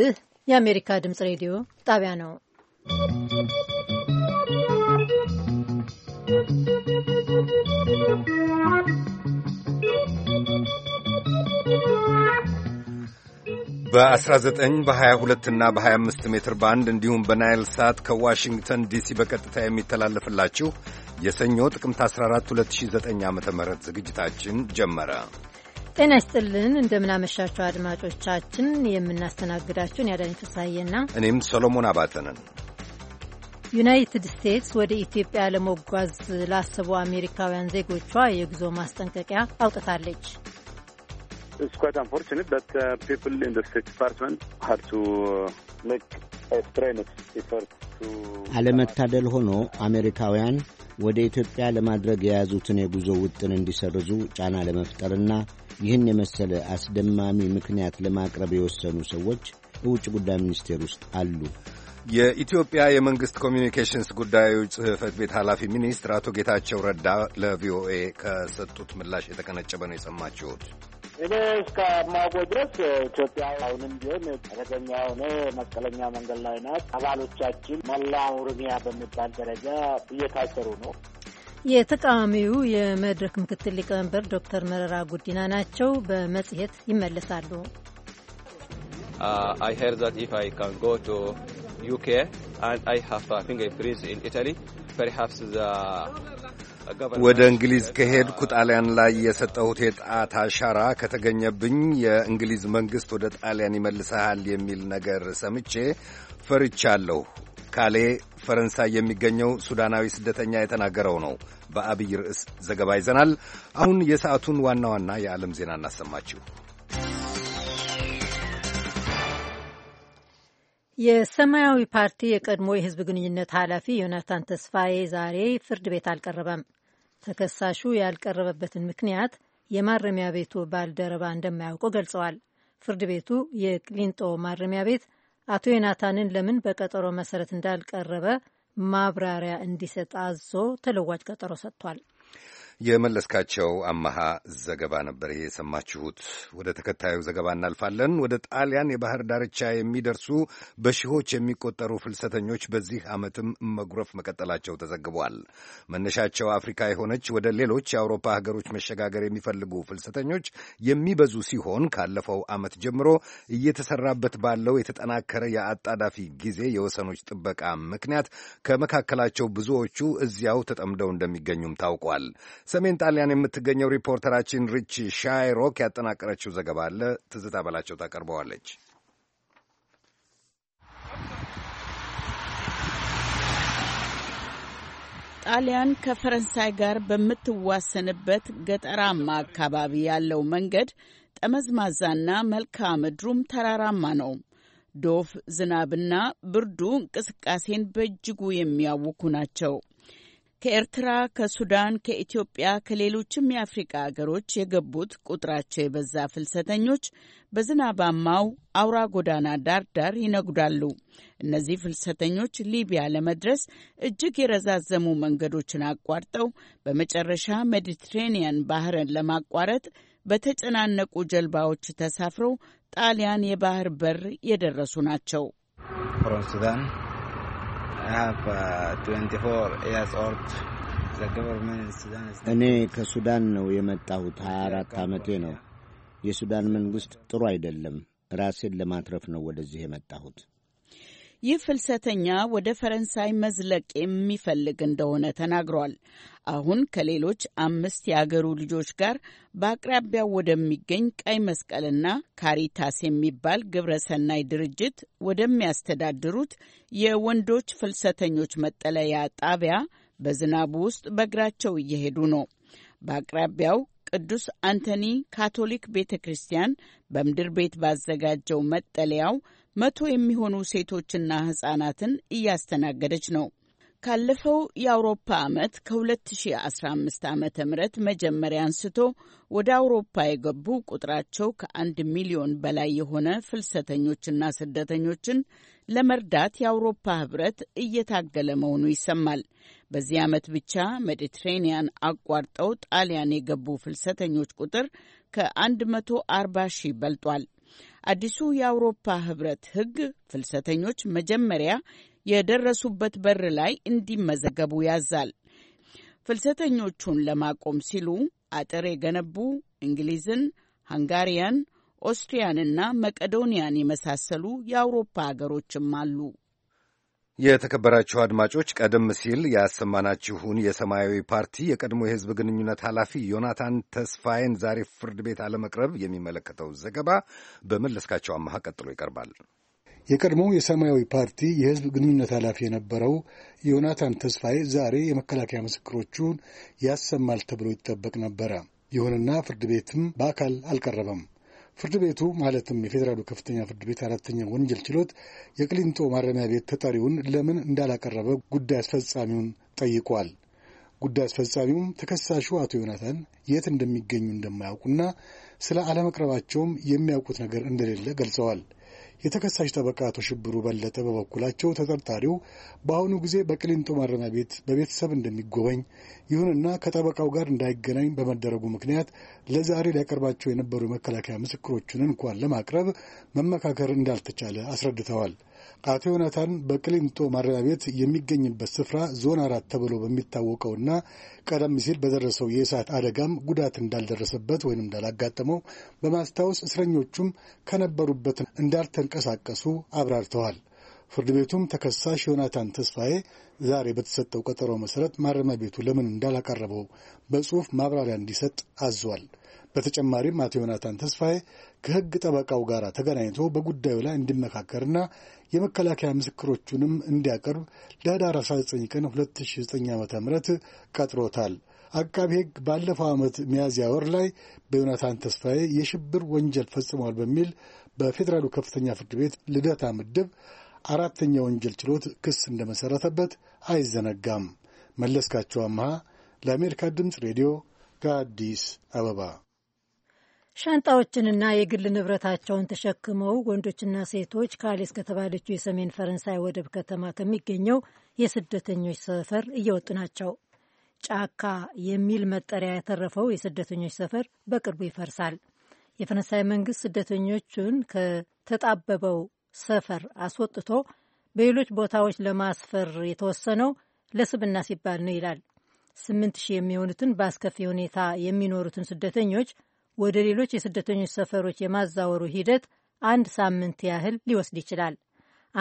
ይህ የአሜሪካ ድምፅ ሬዲዮ ጣቢያ ነው። በ19 በ22 እና በ25 ሜትር ባንድ እንዲሁም በናይል ሳት ከዋሽንግተን ዲሲ በቀጥታ የሚተላለፍላችሁ የሰኞ ጥቅምት 14 2009 ዓ ም ዝግጅታችን ጀመረ። ጤና ይስጥልን እንደምናመሻቸው አድማጮቻችን የምናስተናግዳችሁን ያዳኝ ፍሳዬና እኔም ሰሎሞን አባተንን። ዩናይትድ ስቴትስ ወደ ኢትዮጵያ ለመጓዝ ላሰቡ አሜሪካውያን ዜጎቿ የጉዞ ማስጠንቀቂያ አውጥታለች። uh, uh, አለመታደል ሆኖ አሜሪካውያን ወደ ኢትዮጵያ ለማድረግ የያዙትን የጉዞ ውጥን እንዲሰርዙ ጫና ለመፍጠርና ይህን የመሰለ አስደማሚ ምክንያት ለማቅረብ የወሰኑ ሰዎች በውጭ ጉዳይ ሚኒስቴር ውስጥ አሉ። የኢትዮጵያ የመንግስት ኮሚኒኬሽንስ ጉዳዮች ጽሕፈት ቤት ኃላፊ ሚኒስትር አቶ ጌታቸው ረዳ ለቪኦኤ ከሰጡት ምላሽ የተቀነጨበ ነው የሰማችሁት። እኔ እስከማውቀው ድረስ ኢትዮጵያ አሁንም ቢሆን ቀጥተኛ የሆነ መስቀለኛ መንገድ ላይ ናት። አባሎቻችን መላ ኦሮሚያ በሚባል ደረጃ እየታሰሩ ነው። የተቃዋሚው የመድረክ ምክትል ሊቀመንበር ዶክተር መረራ ጉዲና ናቸው። በመጽሔት ይመለሳሉ። uh, uh, ወደ እንግሊዝ ከሄድኩ ጣሊያን ላይ የሰጠሁት የጣት አሻራ ከተገኘብኝ የእንግሊዝ መንግሥት ወደ ጣሊያን ይመልሰሃል የሚል ነገር ሰምቼ ፈርቻለሁ። ካሌ ፈረንሳይ የሚገኘው ሱዳናዊ ስደተኛ የተናገረው ነው። በአብይ ርዕስ ዘገባ ይዘናል። አሁን የሰዓቱን ዋና ዋና የዓለም ዜና እናሰማችሁ። የሰማያዊ ፓርቲ የቀድሞ የህዝብ ግንኙነት ኃላፊ ዮናታን ተስፋዬ ዛሬ ፍርድ ቤት አልቀረበም። ተከሳሹ ያልቀረበበትን ምክንያት የማረሚያ ቤቱ ባልደረባ እንደማያውቀው ገልጸዋል። ፍርድ ቤቱ የቅሊንጦ ማረሚያ ቤት አቶ ዮናታንን ለምን በቀጠሮ መሰረት እንዳልቀረበ ማብራሪያ እንዲሰጥ አዞ ተለዋጭ ቀጠሮ ሰጥቷል። የመለስካቸው አመሃ ዘገባ ነበር ይሄ የሰማችሁት። ወደ ተከታዩ ዘገባ እናልፋለን። ወደ ጣሊያን የባህር ዳርቻ የሚደርሱ በሺዎች የሚቆጠሩ ፍልሰተኞች በዚህ ዓመትም መጉረፍ መቀጠላቸው ተዘግቧል። መነሻቸው አፍሪካ የሆነች ወደ ሌሎች የአውሮፓ ሀገሮች መሸጋገር የሚፈልጉ ፍልሰተኞች የሚበዙ ሲሆን ካለፈው ዓመት ጀምሮ እየተሰራበት ባለው የተጠናከረ የአጣዳፊ ጊዜ የወሰኖች ጥበቃ ምክንያት ከመካከላቸው ብዙዎቹ እዚያው ተጠምደው እንደሚገኙም ታውቋል። ሰሜን ጣሊያን የምትገኘው ሪፖርተራችን ሪቺ ሻይሮክ ያጠናቀረችው ዘገባ አለ። ትዝታ በላቸው ታቀርበዋለች። ጣሊያን ከፈረንሳይ ጋር በምትዋሰንበት ገጠራማ አካባቢ ያለው መንገድ ጠመዝማዛና መልክዓ ምድሩም ተራራማ ነው። ዶፍ ዝናብና ብርዱ እንቅስቃሴን በእጅጉ የሚያውኩ ናቸው። ከኤርትራ፣ ከሱዳን፣ ከኢትዮጵያ፣ ከሌሎችም የአፍሪቃ አገሮች የገቡት ቁጥራቸው የበዛ ፍልሰተኞች በዝናባማው አውራ ጎዳና ዳር ዳር ይነጉዳሉ። እነዚህ ፍልሰተኞች ሊቢያ ለመድረስ እጅግ የረዛዘሙ መንገዶችን አቋርጠው በመጨረሻ ሜዲትሬኒያን ባህርን ለማቋረጥ በተጨናነቁ ጀልባዎች ተሳፍረው ጣሊያን የባህር በር የደረሱ ናቸው። Uh, እኔ ከሱዳን ነው የመጣሁት። 24 ዓመቴ ነው። የሱዳን መንግሥት ጥሩ አይደለም። ራሴን ለማትረፍ ነው ወደዚህ የመጣሁት። ይህ ፍልሰተኛ ወደ ፈረንሳይ መዝለቅ የሚፈልግ እንደሆነ ተናግሯል። አሁን ከሌሎች አምስት የአገሩ ልጆች ጋር በአቅራቢያው ወደሚገኝ ቀይ መስቀልና ካሪታስ የሚባል ግብረሰናይ ድርጅት ወደሚያስተዳድሩት የወንዶች ፍልሰተኞች መጠለያ ጣቢያ በዝናቡ ውስጥ በእግራቸው እየሄዱ ነው። በአቅራቢያው ቅዱስ አንቶኒ ካቶሊክ ቤተ ክርስቲያን በምድር ቤት ባዘጋጀው መጠለያው መቶ የሚሆኑ ሴቶችና ህጻናትን እያስተናገደች ነው። ካለፈው የአውሮፓ ዓመት ከ2015 ዓ ም መጀመሪያ አንስቶ ወደ አውሮፓ የገቡ ቁጥራቸው ከአንድ ሚሊዮን በላይ የሆነ ፍልሰተኞችና ስደተኞችን ለመርዳት የአውሮፓ ህብረት እየታገለ መሆኑ ይሰማል። በዚህ ዓመት ብቻ ሜዲትሬኒያን አቋርጠው ጣሊያን የገቡ ፍልሰተኞች ቁጥር ከ140 ሺህ በልጧል። አዲሱ የአውሮፓ ህብረት ህግ ፍልሰተኞች መጀመሪያ የደረሱበት በር ላይ እንዲመዘገቡ ያዛል። ፍልሰተኞቹን ለማቆም ሲሉ አጥር የገነቡ እንግሊዝን፣ ሃንጋሪያን፣ ኦስትሪያንና መቀዶኒያን የመሳሰሉ የአውሮፓ ሀገሮችም አሉ። የተከበራችሁ አድማጮች ቀደም ሲል ያሰማናችሁን የሰማያዊ ፓርቲ የቀድሞ የሕዝብ ግንኙነት ኃላፊ ዮናታን ተስፋዬን ዛሬ ፍርድ ቤት አለመቅረብ የሚመለከተው ዘገባ በመለስካቸው አመሃ ቀጥሎ ይቀርባል። የቀድሞው የሰማያዊ ፓርቲ የሕዝብ ግንኙነት ኃላፊ የነበረው ዮናታን ተስፋዬ ዛሬ የመከላከያ ምስክሮቹን ያሰማል ተብሎ ይጠበቅ ነበረ። ይሁንና ፍርድ ቤትም በአካል አልቀረበም። ፍርድ ቤቱ ማለትም የፌዴራሉ ከፍተኛ ፍርድ ቤት አራተኛ ወንጀል ችሎት የቅሊንጦ ማረሚያ ቤት ተጠሪውን ለምን እንዳላቀረበ ጉዳይ አስፈጻሚውን ጠይቋል። ጉዳይ አስፈጻሚውም ተከሳሹ አቶ ዮናታን የት እንደሚገኙ እንደማያውቁና ስለ አለመቅረባቸውም የሚያውቁት ነገር እንደሌለ ገልጸዋል። የተከሳሽ ጠበቃ አቶ ሽብሩ በለጠ በበኩላቸው ተጠርጣሪው በአሁኑ ጊዜ በቅሊንጦ ማረሚያ ቤት በቤተሰብ እንደሚጎበኝ፣ ይሁንና ከጠበቃው ጋር እንዳይገናኝ በመደረጉ ምክንያት ለዛሬ ሊያቀርባቸው የነበሩ የመከላከያ ምስክሮችን እንኳን ለማቅረብ መመካከር እንዳልተቻለ አስረድተዋል። አቶ ዮናታን በቅሊንጦ ማረሚያ ቤት የሚገኝበት ስፍራ ዞን አራት ተብሎ በሚታወቀውና ቀደም ሲል በደረሰው የእሳት አደጋም ጉዳት እንዳልደረሰበት ወይም እንዳላጋጠመው በማስታወስ እስረኞቹም ከነበሩበት እንዳልተንቀሳቀሱ አብራርተዋል። ፍርድ ቤቱም ተከሳሽ ዮናታን ተስፋዬ ዛሬ በተሰጠው ቀጠሮ መሰረት ማረሚያ ቤቱ ለምን እንዳላቀረበው በጽሁፍ ማብራሪያ እንዲሰጥ አዟል። በተጨማሪም አቶ ዮናታን ተስፋዬ ከህግ ጠበቃው ጋር ተገናኝቶ በጉዳዩ ላይ እንዲመካከርና የመከላከያ ምስክሮቹንም እንዲያቀርብ ለኅዳር 19 ቀን 2009 ዓ ም ቀጥሮታል። አቃቢ ህግ ባለፈው ዓመት ሚያዝያ ወር ላይ በዮናታን ተስፋዬ የሽብር ወንጀል ፈጽሟል በሚል በፌዴራሉ ከፍተኛ ፍርድ ቤት ልደታ ምድብ አራተኛ ወንጀል ችሎት ክስ እንደመሠረተበት አይዘነጋም። መለስካቸው አመሃ ለአሜሪካ ድምፅ ሬዲዮ ከአዲስ አበባ ሻንጣዎችንና የግል ንብረታቸውን ተሸክመው ወንዶችና ሴቶች ካሌስ ከተባለችው የሰሜን ፈረንሳይ ወደብ ከተማ ከሚገኘው የስደተኞች ሰፈር እየወጡ ናቸው። ጫካ የሚል መጠሪያ ያተረፈው የስደተኞች ሰፈር በቅርቡ ይፈርሳል። የፈረንሳይ መንግስት ስደተኞቹን ከተጣበበው ሰፈር አስወጥቶ በሌሎች ቦታዎች ለማስፈር የተወሰነው ለስብና ሲባል ነው ይላል። ስምንት ሺህ የሚሆኑትን በአስከፊ ሁኔታ የሚኖሩትን ስደተኞች ወደ ሌሎች የስደተኞች ሰፈሮች የማዛወሩ ሂደት አንድ ሳምንት ያህል ሊወስድ ይችላል።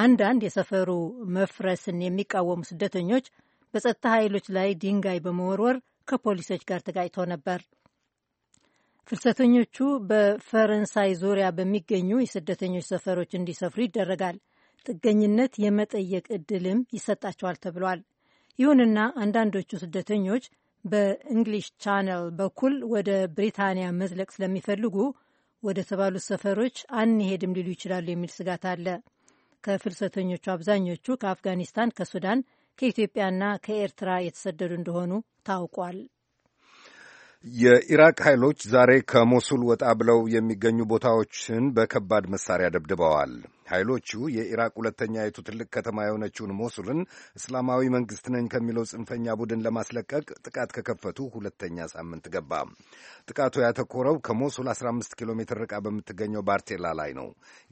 አንዳንድ የሰፈሩ መፍረስን የሚቃወሙ ስደተኞች በጸጥታ ኃይሎች ላይ ድንጋይ በመወርወር ከፖሊሶች ጋር ተጋጭተው ነበር። ፍልሰተኞቹ በፈረንሳይ ዙሪያ በሚገኙ የስደተኞች ሰፈሮች እንዲሰፍሩ ይደረጋል። ጥገኝነት የመጠየቅ እድልም ይሰጣቸዋል ተብሏል። ይሁንና አንዳንዶቹ ስደተኞች በእንግሊሽ ቻነል በኩል ወደ ብሪታንያ መዝለቅ ስለሚፈልጉ ወደ ተባሉት ሰፈሮች አንሄድም ሊሉ ይችላሉ የሚል ስጋት አለ። ከፍልሰተኞቹ አብዛኞቹ ከአፍጋኒስታን፣ ከሱዳን፣ ከኢትዮጵያና ከኤርትራ የተሰደዱ እንደሆኑ ታውቋል። የኢራቅ ኃይሎች ዛሬ ከሞሱል ወጣ ብለው የሚገኙ ቦታዎችን በከባድ መሳሪያ ደብድበዋል። ኃይሎቹ የኢራቅ ሁለተኛይቱ ትልቅ ከተማ የሆነችውን ሞሱልን እስላማዊ መንግሥት ነኝ ከሚለው ጽንፈኛ ቡድን ለማስለቀቅ ጥቃት ከከፈቱ ሁለተኛ ሳምንት ገባ። ጥቃቱ ያተኮረው ከሞሱል 15 ኪሎ ሜትር ርቃ በምትገኘው ባርቴላ ላይ ነው።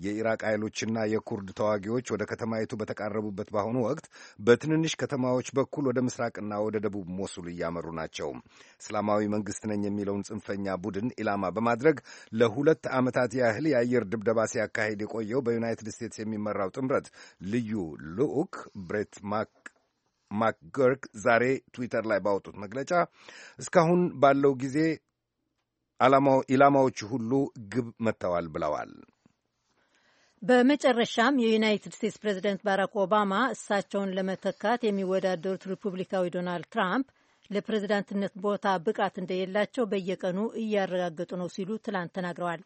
የኢራቅ ኃይሎችና የኩርድ ተዋጊዎች ወደ ከተማይቱ በተቃረቡበት በአሁኑ ወቅት በትንንሽ ከተማዎች በኩል ወደ ምስራቅና ወደ ደቡብ ሞሱል እያመሩ ናቸው። እስላማዊ መንግሥት ነኝ የሚለውን ጽንፈኛ ቡድን ኢላማ በማድረግ ለሁለት ዓመታት ያህል የአየር ድብደባ ሲያካሂድ የቆየው በዩናይትድ ዩናይትድ ስቴትስ የሚመራው ጥምረት ልዩ ልዑክ ብሬት ማክ ማክገርክ ዛሬ ትዊተር ላይ ባወጡት መግለጫ እስካሁን ባለው ጊዜ ኢላማዎች ሁሉ ግብ መጥተዋል ብለዋል። በመጨረሻም የዩናይትድ ስቴትስ ፕሬዚደንት ባራክ ኦባማ እሳቸውን ለመተካት የሚወዳደሩት ሪፑብሊካዊ ዶናልድ ትራምፕ ለፕሬዚዳንትነት ቦታ ብቃት እንደሌላቸው በየቀኑ እያረጋገጡ ነው ሲሉ ትላንት ተናግረዋል።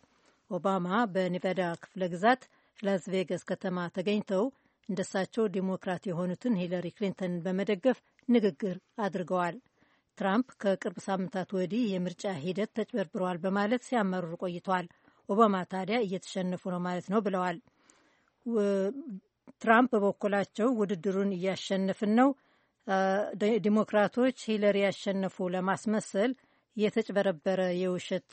ኦባማ በኔቫዳ ክፍለ ግዛት ላስ ቬጋስ ከተማ ተገኝተው እንደሳቸው ዲሞክራት የሆኑትን ሂለሪ ክሊንተንን በመደገፍ ንግግር አድርገዋል። ትራምፕ ከቅርብ ሳምንታት ወዲህ የምርጫ ሂደት ተጭበርብረዋል በማለት ሲያመርሩ ቆይተዋል። ኦባማ ታዲያ እየተሸነፉ ነው ማለት ነው ብለዋል። ትራምፕ በበኩላቸው ውድድሩን እያሸነፍን ነው፣ ዲሞክራቶች ሂለሪ ያሸነፉ ለማስመሰል የተጭበረበረ የውሸት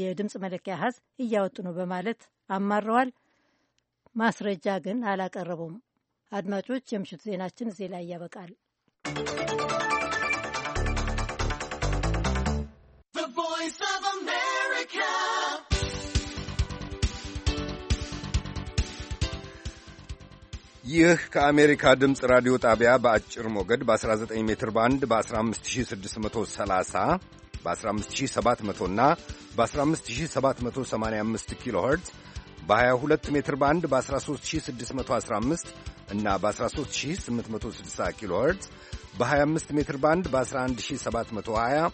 የድምፅ መለኪያ ሀዝ እያወጡ ነው በማለት አማረዋል። ማስረጃ ግን አላቀረቡም። አድማጮች፣ የምሽቱ ዜናችን እዚህ ላይ ያበቃል። ይህ ከአሜሪካ ድምፅ ራዲዮ ጣቢያ በአጭር ሞገድ በ19 ሜትር ባንድ በ15630 በ15700 እና በ15785 ኪሎ ኸርትዝ በ22 ሜትር ባንድ በ13615 እና በ13860 ኪሎ በ25 ሜትር ባንድ በ11720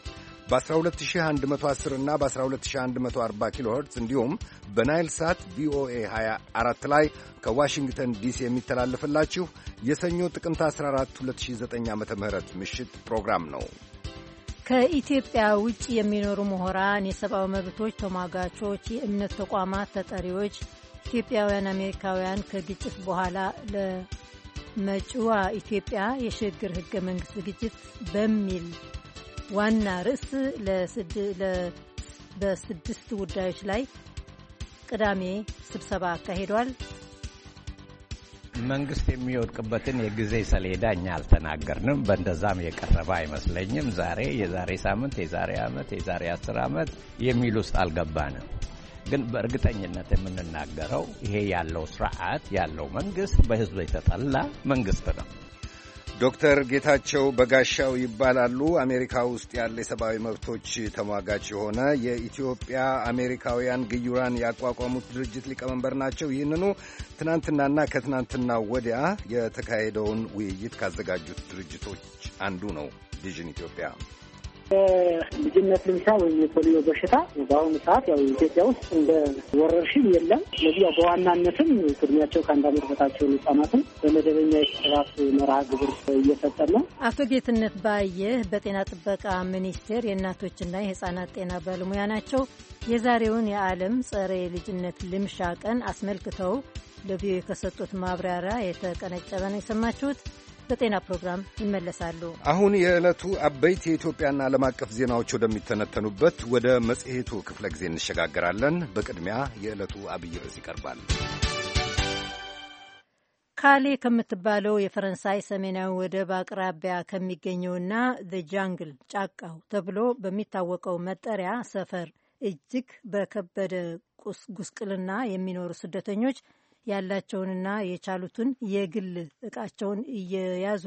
በ12110 እና በ12140 ኪሎ ሄርትዝ እንዲሁም በናይል ሳት ቪኦኤ 24 ላይ ከዋሽንግተን ዲሲ የሚተላለፍላችሁ የሰኞ ጥቅምት 14 2009 ዓ ም ምሽት ፕሮግራም ነው። ከኢትዮጵያ ውጭ የሚኖሩ ምሁራን፣ የሰብአዊ መብቶች ተሟጋቾች፣ የእምነት ተቋማት ተጠሪዎች ኢትዮጵያውያን አሜሪካውያን ከግጭት በኋላ ለመጪዋ ኢትዮጵያ የሽግግር ህገ መንግስት ዝግጅት በሚል ዋና ርዕስ በስድስት ጉዳዮች ላይ ቅዳሜ ስብሰባ አካሂዷል። መንግስት የሚወድቅበትን የጊዜ ሰሌዳ እኛ አልተናገርንም። በእንደዛም የቀረበ አይመስለኝም። ዛሬ፣ የዛሬ ሳምንት፣ የዛሬ ዓመት፣ የዛሬ አስር ዓመት የሚል ውስጥ አልገባንም። ግን በእርግጠኝነት የምንናገረው ይሄ ያለው ስርዓት ያለው መንግስት በህዝብ የተጠላ መንግስት ነው። ዶክተር ጌታቸው በጋሻው ይባላሉ። አሜሪካ ውስጥ ያለ የሰብአዊ መብቶች ተሟጋች የሆነ የኢትዮጵያ አሜሪካውያን ግዩራን ያቋቋሙት ድርጅት ሊቀመንበር ናቸው። ይህንኑ ትናንትናና ከትናንትና ወዲያ የተካሄደውን ውይይት ካዘጋጁት ድርጅቶች አንዱ ነው ቪዥን ኢትዮጵያ። ልጅነት ልምሻ ወይም የፖሊዮ በሽታ በአሁኑ ሰዓት ያው ኢትዮጵያ ውስጥ እንደ ወረርሽኝ የለም። ስለዚህ ያው በዋናነትም እድሜያቸው ከአንድ አመት በታቸውን ህጻናትም በመደበኛ የስራት መርሃ ግብር እየሰጠን ነው። አቶ ጌትነት ባየህ በጤና ጥበቃ ሚኒስቴር የእናቶችና የህጻናት ጤና ባለሙያ ናቸው። የዛሬውን የዓለም ጸረ የልጅነት ልምሻ ቀን አስመልክተው ለቪዮ ከሰጡት ማብራሪያ የተቀነጨበ ነው የሰማችሁት። በጤና ፕሮግራም ይመለሳሉ። አሁን የዕለቱ አበይት የኢትዮጵያና ዓለም አቀፍ ዜናዎች ወደሚተነተኑበት ወደ መጽሔቱ ክፍለ ጊዜ እንሸጋገራለን። በቅድሚያ የዕለቱ አብይ ርዕስ ይቀርባል። ካሌ ከምትባለው የፈረንሳይ ሰሜናዊ ወደብ አቅራቢያ ከሚገኘውና ጃንግል ጫቃው ተብሎ በሚታወቀው መጠሪያ ሰፈር እጅግ በከበደ ጉስቅልና የሚኖሩ ስደተኞች ያላቸውንና የቻሉትን የግል እቃቸውን እየያዙ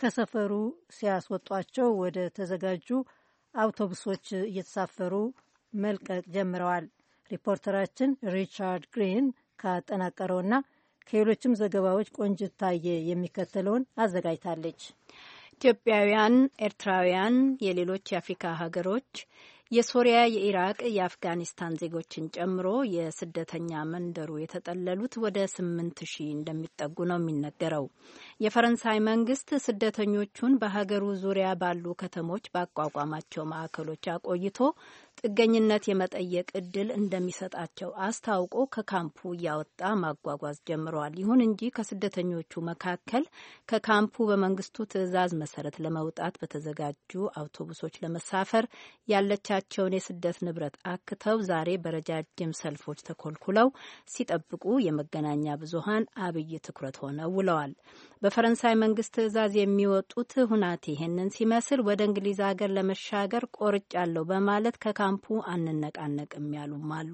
ከሰፈሩ ሲያስወጧቸው ወደ ተዘጋጁ አውቶቡሶች እየተሳፈሩ መልቀቅ ጀምረዋል። ሪፖርተራችን ሪቻርድ ግሪን ካጠናቀረውና ከሌሎችም ዘገባዎች ቆንጅታየ የሚከተለውን አዘጋጅታለች። ኢትዮጵያውያን፣ ኤርትራውያን፣ የሌሎች የአፍሪካ ሀገሮች የሶሪያ፣ የኢራቅ፣ የአፍጋኒስታን ዜጎችን ጨምሮ የስደተኛ መንደሩ የተጠለሉት ወደ ስምንት ሺህ እንደሚጠጉ ነው የሚነገረው። የፈረንሳይ መንግስት ስደተኞቹን በሀገሩ ዙሪያ ባሉ ከተሞች ባቋቋማቸው ማዕከሎች አቆይቶ ጥገኝነት የመጠየቅ እድል እንደሚሰጣቸው አስታውቆ ከካምፑ እያወጣ ማጓጓዝ ጀምረዋል። ይሁን እንጂ ከስደተኞቹ መካከል ከካምፑ በመንግስቱ ትዕዛዝ መሰረት ለመውጣት በተዘጋጁ አውቶቡሶች ለመሳፈር ያለቻቸውን የስደት ንብረት አክተው ዛሬ በረጃጅም ሰልፎች ተኮልኩለው ሲጠብቁ የመገናኛ ብዙሃን አብይ ትኩረት ሆነው ውለዋል። በፈረንሳይ መንግስት ትዕዛዝ የሚወጡት ሁናቴ ይህንን ሲመስል ወደ እንግሊዝ ሀገር ለመሻገር ቆርጫለሁ በማለት ካምፑ አንነቃነቅም ያሉም አሉ።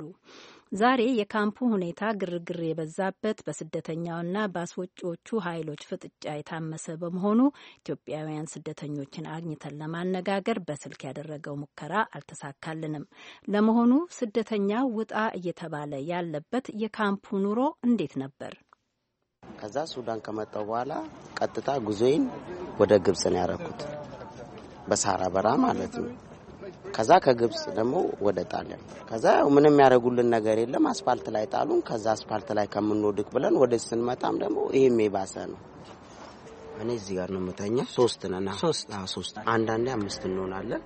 ዛሬ የካምፑ ሁኔታ ግርግር የበዛበት በስደተኛውና በአስወጪዎቹ ኃይሎች ፍጥጫ የታመሰ በመሆኑ ኢትዮጵያውያን ስደተኞችን አግኝተን ለማነጋገር በስልክ ያደረገው ሙከራ አልተሳካልንም። ለመሆኑ ስደተኛ ውጣ እየተባለ ያለበት የካምፑ ኑሮ እንዴት ነበር? ከዛ ሱዳን ከመጣው በኋላ ቀጥታ ጉዞዬን ወደ ግብጽ ነው ያደረኩት። በሳራ በራ ማለት ነው። ከዛ ከግብጽ ደግሞ ወደ ጣሊያን ከዛ ያው ምንም ያደረጉልን ነገር የለም። አስፋልት ላይ ጣሉን። ከዛ አስፋልት ላይ ከምንወድቅ ብለን ወደ ስንመጣም ደግሞ ይሄም የባሰ ነው። እኔ እዚህ ጋር ነው የምተኛ። ሶስት ሶስት አንዳንዴ አምስት እንሆናለን።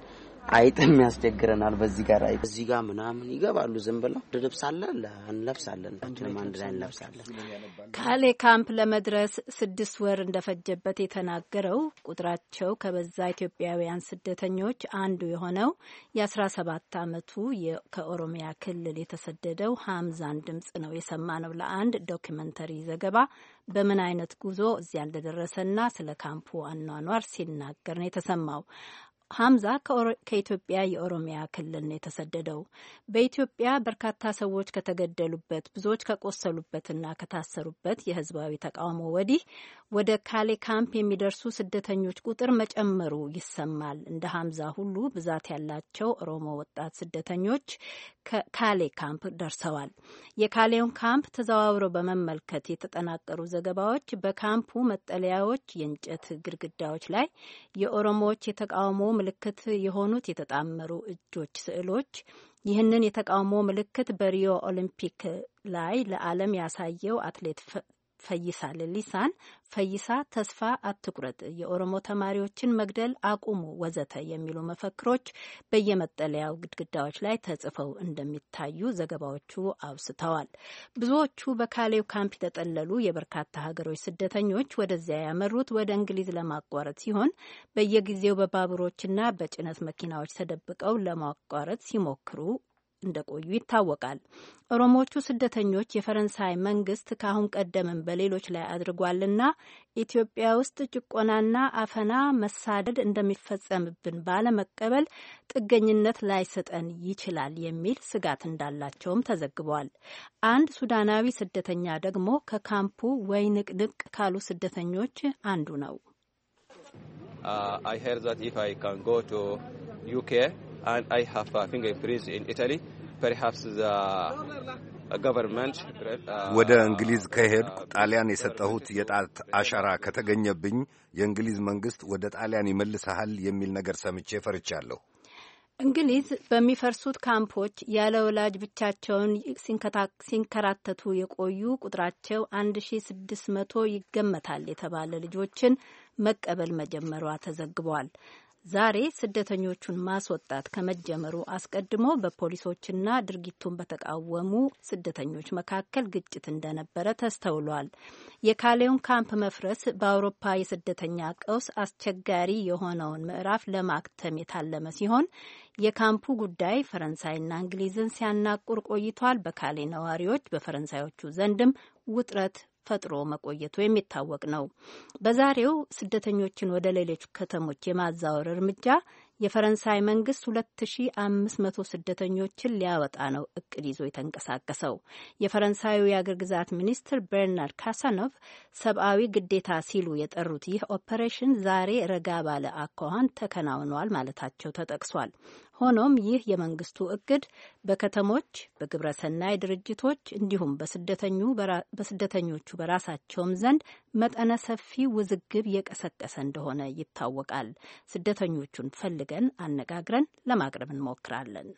አይጥም ያስቸግረናል። በዚህ ጋር አይ እዚህ ጋር ምናምን ይገባሉ። ዝም ብለው እንለብሳለን እንለብሳለን ችንም አንድ ላይ እንለብሳለን። ካሌ ካምፕ ለመድረስ ስድስት ወር እንደፈጀበት የተናገረው ቁጥራቸው ከበዛ ኢትዮጵያውያን ስደተኞች አንዱ የሆነው የአስራ ሰባት አመቱ ከኦሮሚያ ክልል የተሰደደው ሀምዛን ድምጽ ነው የሰማ ነው ለአንድ ዶኪመንተሪ ዘገባ በምን አይነት ጉዞ እዚያ እንደደረሰና ስለ ካምፑ አኗኗር ሲናገር ነው የተሰማው። ሀምዛ ከኢትዮጵያ የኦሮሚያ ክልል ነው የተሰደደው። በኢትዮጵያ በርካታ ሰዎች ከተገደሉበት፣ ብዙዎች ከቆሰሉበትና ከታሰሩበት የህዝባዊ ተቃውሞ ወዲህ ወደ ካሌ ካምፕ የሚደርሱ ስደተኞች ቁጥር መጨመሩ ይሰማል። እንደ ሀምዛ ሁሉ ብዛት ያላቸው ኦሮሞ ወጣት ስደተኞች ካሌ ካምፕ ደርሰዋል። የካሌውን ካምፕ ተዘዋውረው በመመልከት የተጠናቀሩ ዘገባዎች በካምፑ መጠለያዎች የእንጨት ግድግዳዎች ላይ የኦሮሞዎች የተቃውሞ ምልክት የሆኑት የተጣመሩ እጆች ስዕሎች ይህንን የተቃውሞ ምልክት በሪዮ ኦሊምፒክ ላይ ለዓለም ያሳየው አትሌት ፈይሳ ሌሊሳን ፈይሳ ተስፋ አትቁረጥ፣ የኦሮሞ ተማሪዎችን መግደል አቁሙ፣ ወዘተ የሚሉ መፈክሮች በየመጠለያው ግድግዳዎች ላይ ተጽፈው እንደሚታዩ ዘገባዎቹ አውስተዋል። ብዙዎቹ በካሌው ካምፕ የተጠለሉ የበርካታ ሀገሮች ስደተኞች ወደዚያ ያመሩት ወደ እንግሊዝ ለማቋረጥ ሲሆን በየጊዜው በባቡሮችና በጭነት መኪናዎች ተደብቀው ለማቋረጥ ሲሞክሩ እንደቆዩ ይታወቃል። ኦሮሞዎቹ ስደተኞች የፈረንሳይ መንግስት ከአሁን ቀደምም በሌሎች ላይ አድርጓልና ኢትዮጵያ ውስጥ ጭቆናና አፈና፣ መሳደድ እንደሚፈጸምብን ባለመቀበል ጥገኝነት ላይሰጠን ይችላል የሚል ስጋት እንዳላቸውም ተዘግቧል። አንድ ሱዳናዊ ስደተኛ ደግሞ ከካምፑ ወይ ንቅንቅ ካሉ ስደተኞች አንዱ ነው። uh, and I have uh, a finger prints in Italy. Perhaps the uh, uh, ወደ እንግሊዝ ከሄድኩ ጣሊያን የሰጠሁት የጣት አሻራ ከተገኘብኝ የእንግሊዝ መንግስት ወደ ጣሊያን ይመልሰሃል የሚል ነገር ሰምቼ ፈርቻለሁ። እንግሊዝ በሚፈርሱት ካምፖች ያለ ወላጅ ብቻቸውን ሲንከራተቱ የቆዩ ቁጥራቸው መቶ ይገመታል የተባለ ልጆችን መቀበል መጀመሯ ተዘግቧል። ዛሬ ስደተኞቹን ማስወጣት ከመጀመሩ አስቀድሞ በፖሊሶችና ድርጊቱን በተቃወሙ ስደተኞች መካከል ግጭት እንደነበረ ተስተውሏል። የካሌውን ካምፕ መፍረስ በአውሮፓ የስደተኛ ቀውስ አስቸጋሪ የሆነውን ምዕራፍ ለማክተም የታለመ ሲሆን የካምፑ ጉዳይ ፈረንሳይና እንግሊዝን ሲያናቁር ቆይቷል። በካሌ ነዋሪዎች በፈረንሳዮቹ ዘንድም ውጥረት ፈጥሮ መቆየቱ የሚታወቅ ነው። በዛሬው ስደተኞችን ወደ ሌሎች ከተሞች የማዛወር እርምጃ የፈረንሳይ መንግስት 2500 ስደተኞችን ሊያወጣ ነው እቅድ ይዞ የተንቀሳቀሰው። የፈረንሳዩ የአገር ግዛት ሚኒስትር በርናርድ ካሳኖቭ ሰብአዊ ግዴታ ሲሉ የጠሩት ይህ ኦፐሬሽን ዛሬ ረጋ ባለ አኳኋን ተከናውኗል ማለታቸው ተጠቅሷል። ሆኖም ይህ የመንግስቱ እቅድ በከተሞች በግብረሰናይ ድርጅቶች እንዲሁም በስደተኞቹ በራሳቸውም ዘንድ መጠነ ሰፊ ውዝግብ የቀሰቀሰ እንደሆነ ይታወቃል። ስደተኞቹን ፈልገን አነጋግረን ለማቅረብ እንሞክራለን።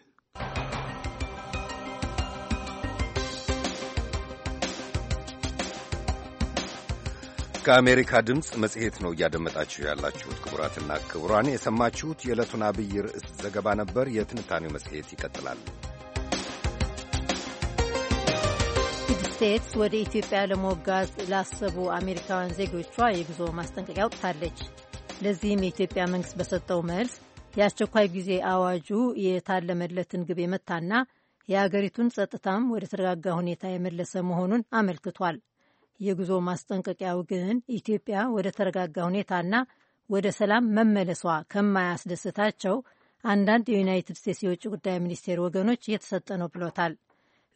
ከአሜሪካ ድምፅ መጽሔት ነው እያደመጣችሁ ያላችሁት። ክቡራትና ክቡራን የሰማችሁት የዕለቱን አብይ ርዕስ ዘገባ ነበር። የትንታኔው መጽሔት ይቀጥላል። ስቴትስ ወደ ኢትዮጵያ ለመጓዝ ላሰቡ አሜሪካውያን ዜጎቿ የጉዞ ማስጠንቀቂያ አውጥታለች። ለዚህም የኢትዮጵያ መንግሥት በሰጠው መልስ የአስቸኳይ ጊዜ አዋጁ የታለመለትን ግብ የመታና የአገሪቱን ጸጥታም ወደ ተረጋጋ ሁኔታ የመለሰ መሆኑን አመልክቷል። የጉዞ ማስጠንቀቂያው ግን ኢትዮጵያ ወደ ተረጋጋ ሁኔታና ወደ ሰላም መመለሷ ከማያስደስታቸው አንዳንድ የዩናይትድ ስቴትስ የውጭ ጉዳይ ሚኒስቴር ወገኖች እየተሰጠ ነው ብሎታል።